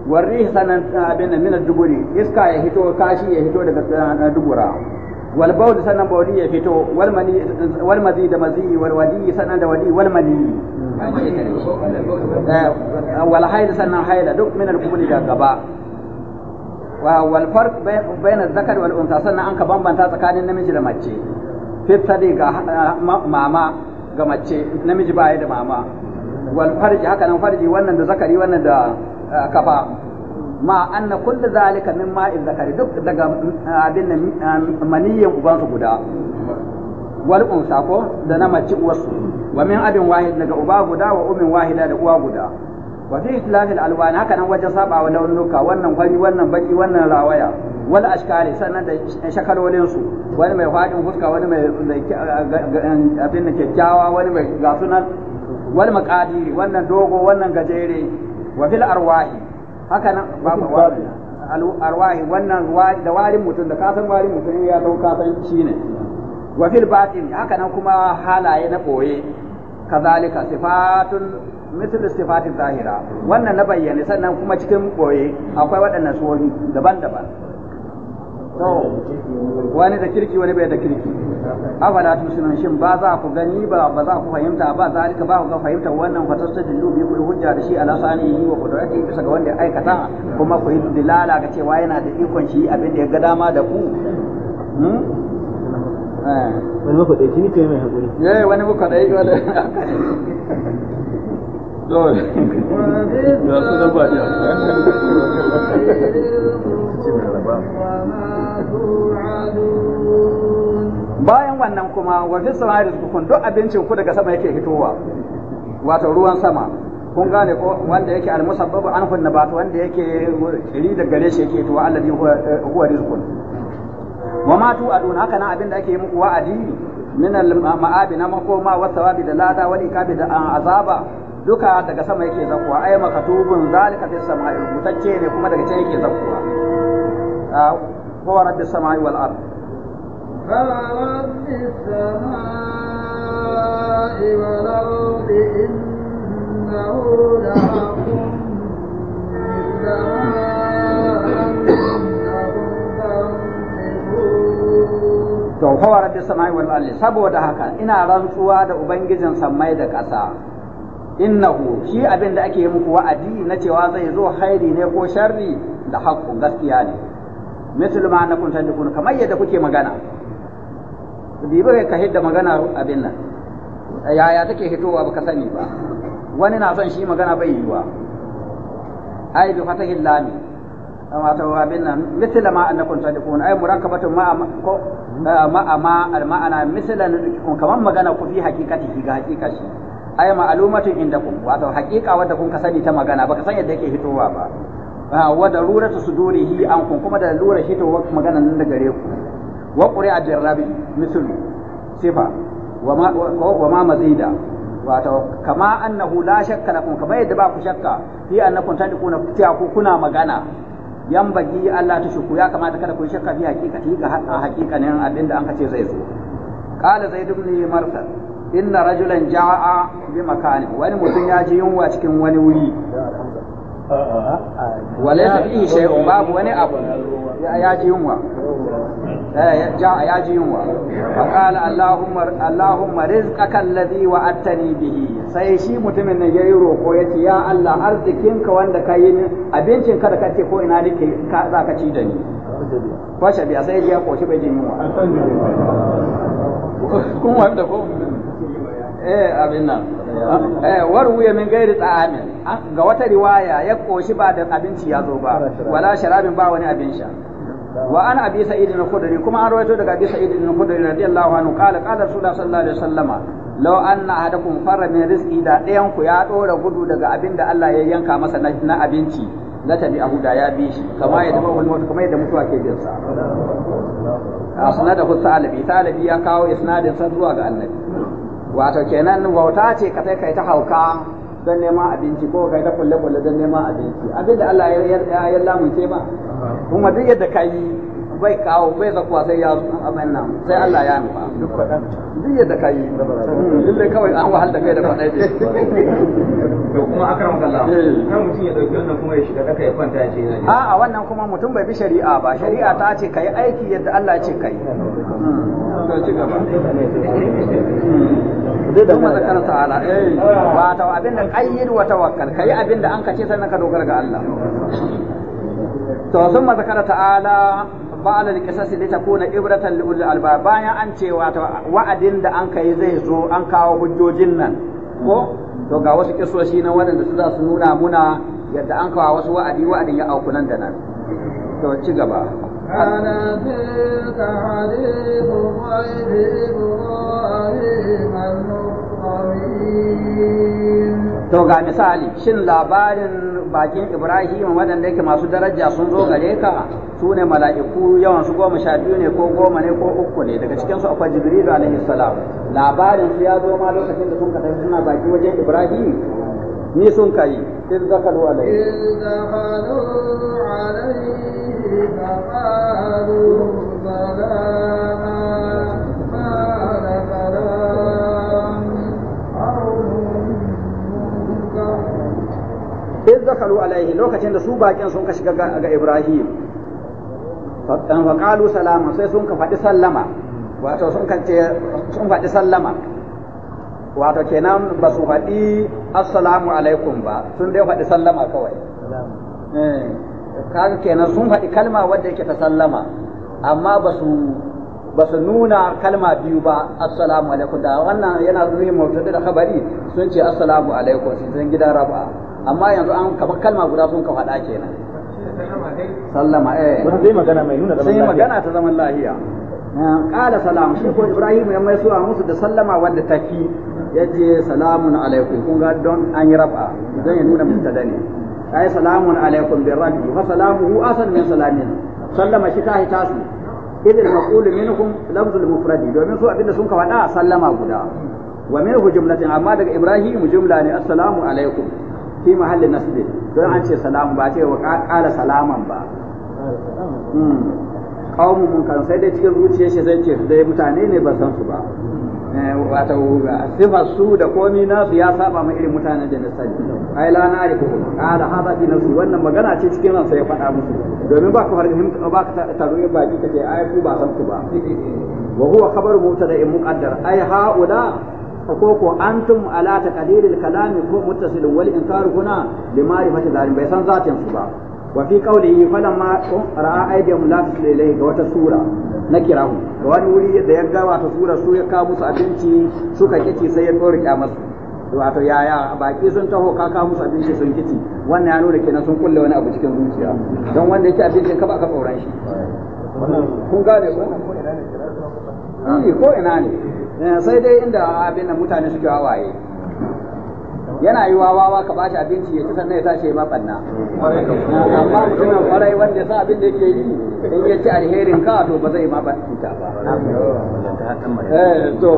warri sannan abin nan min duburi iska ya hito kashi ya hito daga eh, dubura wal bawd sannan bawdi ya fito wal mani wal mazi da mazi wal wadi sannan da wadi wal mani Eh, wal haila sannan haila duk min al-kubuli da gaba wa wal farq bayna zakar wal unsa sannan an ka bambanta tsakanin namiji da mace fitadi ga mama ga mace namiji baya da mama wal farji haka nan farji wannan da zakari wannan da eh, kafa ma anna kullu zalika mimma zakari duk daga eh, abin nan maniyin ubansu guda wal unsa ko da na mace uwarsu wa min abin wahid daga uba guda wa umin wahida da uwa guda wa fi islamil alwan haka nan wajen saba wa launuka wannan fari wannan baki wannan rawaya wal ashkari sannan da shakalolin su wani mai fadin fuska wani mai abin da kyakkyawa wani mai gasunan wal makadiri wannan dogo wannan gajere wa fil arwahi haka nan arwahi wannan da warin mutum da kasan warin mutum ya dauka san shi ne wa fil batin haka nan kuma halaye na boye kazalika sifatun misal sifatin zahira wannan na bayyane sannan kuma cikin boye akwai waɗannan suwoyi daban-daban wani da kirki wani bai da kirki afala tusinan shin ba za ku gani ba ba za ku fahimta ba zalika ba ku ga fahimta wannan fatar ta dillu bi ku hujja da shi ala yi wa qudrati bisa ga wanda ya aikata kuma ku yi dilala ga cewa yana da ikonci, shi abin da ya ga dama da ku hmm? bayan wannan kuma wa fi sama rizqukun duk abincin ku daga sama yake fitowa wato ruwan sama kun gane ko wanda yake almusabbabu an hunna ba wanda yake kiri da gare shi yake to alladhi huwa eh, rizqun wa ma tu adun haka nan abin da ake muku wa'adi min al ma'abi na makoma wa thawabi da lada wa iqabi da ah, azaba duka daga sama yake zakuwa ay makatubun zalika fi sama'i rubutacce ne kuma daga can yake zakuwa ah, huwa rabbis sama'i wal ard فرب السماء والأرض إنه لحق to huwa rabbi samai wal ardi saboda haka ina rantsuwa da ubangijin samai da ƙasa innahu shi abin da ake yi muku wa'adi na cewa zai zo hairi ne ko sharri da haƙƙun gaskiya ne misal ma annakum tadikun kamar yadda kuke magana dibi ka hidda magana abin nan yaya take hitowa baka sani ba wani na son shi magana bai yiwa ai bi fatahil lami wato abin nan misila ma annakum sadiqun ay murakabatu ma ko eh, ma ma al ma'ana mislan kun kaman magana ku fi hakikati ki ga hakika shi ay ma'lumatun indakum wato hakika wadda kun ka sani ta magana baka san yadda yake fitowa ba wa daruratu sudurihi an kun kuma da lura shi to magana nan da gare ku wa qur'a jarrabi mislu sifa wa ma wa ma mazida wato kama annahu la shakka lakum kamar yadda ba ku shakka fi annakum tadquna ku kuna magana yan bagi Allah ta shuku ya kamata kada ku shakka fi haqiqati ga haqiqanin abin da an ce zai zo qala zaid ibn marsad inna rajulan ja'a bi makani wani mutum ya ji yunwa cikin wani wuri wale ta fi shi babu wani abu ya ji yunwa eh, ja ya ji yunwa fa qala allahumma allahumma rizqaka alladhi wa'adtani bihi sai shi mutumin nan yayi ya yace ya Allah arzikinka wanda ka yi ni? abincin kada ka da ko ina nake ka za ka ci da ni kwashe biya sai ya koshi bai jin yunwa kun wanda ko eh abin nan eh warwiya min gairi tsa'amin ah, ga wata riwaya ya koshi ba da abinci ya zo ba wala sharabin ba wani abin sha wa an abi sa'id bin khudri kuma an rawaito daga abi sa'id bin khudri radiyallahu anhu qala qala rasulullah sallallahu alaihi wasallam law anna ahadakum farra min rizqi da dayan ku ya dora gudu daga abin da Allah ya yanka masa na abinci la tabi ahuda ya bi shi kama ya dama wani mutu kama yadda mutuwa ke bin sa asnadahu salibi sa'alabi ya kawo isnadin sa zuwa ga annabi wato kenan wauta ce ka sai kai ta hauka don neman abinci ko kai ta kulle kulle don neman abinci abin da Allah ya lamunce ba kuma duk yadda ka yi bai kawo bai zakuwa sai ya abin nan sai Allah ya nufa duk kwadan duk yadda kai duk dai kawai an wahal da kai da kwadai ne to kuma akram kallah eh. kan mutum ya dauki wannan kuma ya shiga daka ya kwanta ya ce a a wannan kuma mutum bai bi shari'a ba shari'a ta ce kai aiki yadda Allah ce kai to ci gaba da kuma zakar ta'ala ba eh. ta abin da kayyid wa tawakkal kai abin da an kace sannan ka dogara ga Allah to sun mazakara ta'ala ba'ala al-qisasi litakuna ibratan li ulil albab bayan an ce wato wa'adin da an kai zai zo an kawo hujjojin nan ko to ga wasu kisoshi na waɗanda su za su nuna muna yadda an kawo wasu wa'adi wa'adin ya auku nan da nan to ci gaba أنا تلك حديث غيب إبراهيم النور to ga misali shin labarin bakin ibrahim waɗanda yake masu daraja sun zo gare ka su ne mala'iku yawan su goma sha biyu ne ko goma ne ko uku ne daga cikinsu su akwai jibrilu alaihi salam labarin su ya zo ma lokacin da sun ka tafi suna baki wajen ibrahim ni sun kai iz dakalu alaihi iz dakalu alaihi dakalu alaihi lokacin da su bakin sun ka shiga ga Ibrahim fa qalu salama sai sun ka faɗi sallama wato sun ka ce sun faɗi sallama wato kenan ba su faɗi assalamu alaikum ba sun dai faɗi sallama kawai eh, kaga kenan sun faɗi kalma wadda yake ta sallama amma ba su ba su nuna kalma biyu ba assalamu alaikum da wannan yana nuni mutane da khabari sun ce assalamu alaikum sun gidan raba amma yanzu an kamar kalma guda sun ka faɗa kenan sallama eh wani zai magana mai nuna zaman lafiya sai magana ta zaman lafiya qala salam shi ko ibrahim ya mai suwa musu da sallama wanda tafi yaje salamun alaikum kun ga don an yi raba don ya nuna mubtada ne ai salamun alaikum bi rabbi fa salamuhu asan min salamin sallama shi ta hitasu idan maqulu minhum lafzul mufradi domin su abinda sun ka faɗa sallama guda wa minhu jumlatin amma daga ibrahim jumla ne assalamu alaikum fi mahallin nasbi don an ce salamu ba ce wa kala salaman ba hmm. mun kan sai dai cikin zuciya shi zai ce dai mutane ne ba san su ba eh, wata sifar su da komi nasu ya saba ma irin mutanen da na sani ai la na kuma kala haza fi nasu wannan magana ce cikin ransa ya faɗa musu domin ba ka fargin ba ka taruye baki kace ai ku ba san ku ba wa huwa khabaru mubtada in muqaddar ai haula ko ko antum ala taqdiril kalami ko muttasil wal inkar kuna bi ma'rifati zalim bai san zatin su ba wa fi qawlihi falamma ra'a aydihim la tasil ilayhi ga wata sura na kirahu da wani wuri da ya ga wata sura su ya kawo musu abinci suka kici sai ya dore masu wato yaya baki sun taho ka kawo musu abinci sun kici wannan ya nuna kenan sun kulle wani abu cikin zuciya don wanda yake abincin ka ba ka tsoran shi kun gane ko ko ina ne eh, Eh, sai dai inda abin da mutane suke wawaye yana yi wawawa ka bashi abinci ya ci sannan ya tashi ya mabanna amma mutumin kwarai wanda ya sa abin da yake yi in ya ci alherin ka to ba zai ma ba cuta ba eh, to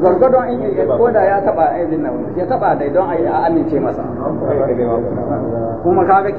gargadon in ko da ya taba eh, aibin nan ya taba dai don a amince masa kuma kaga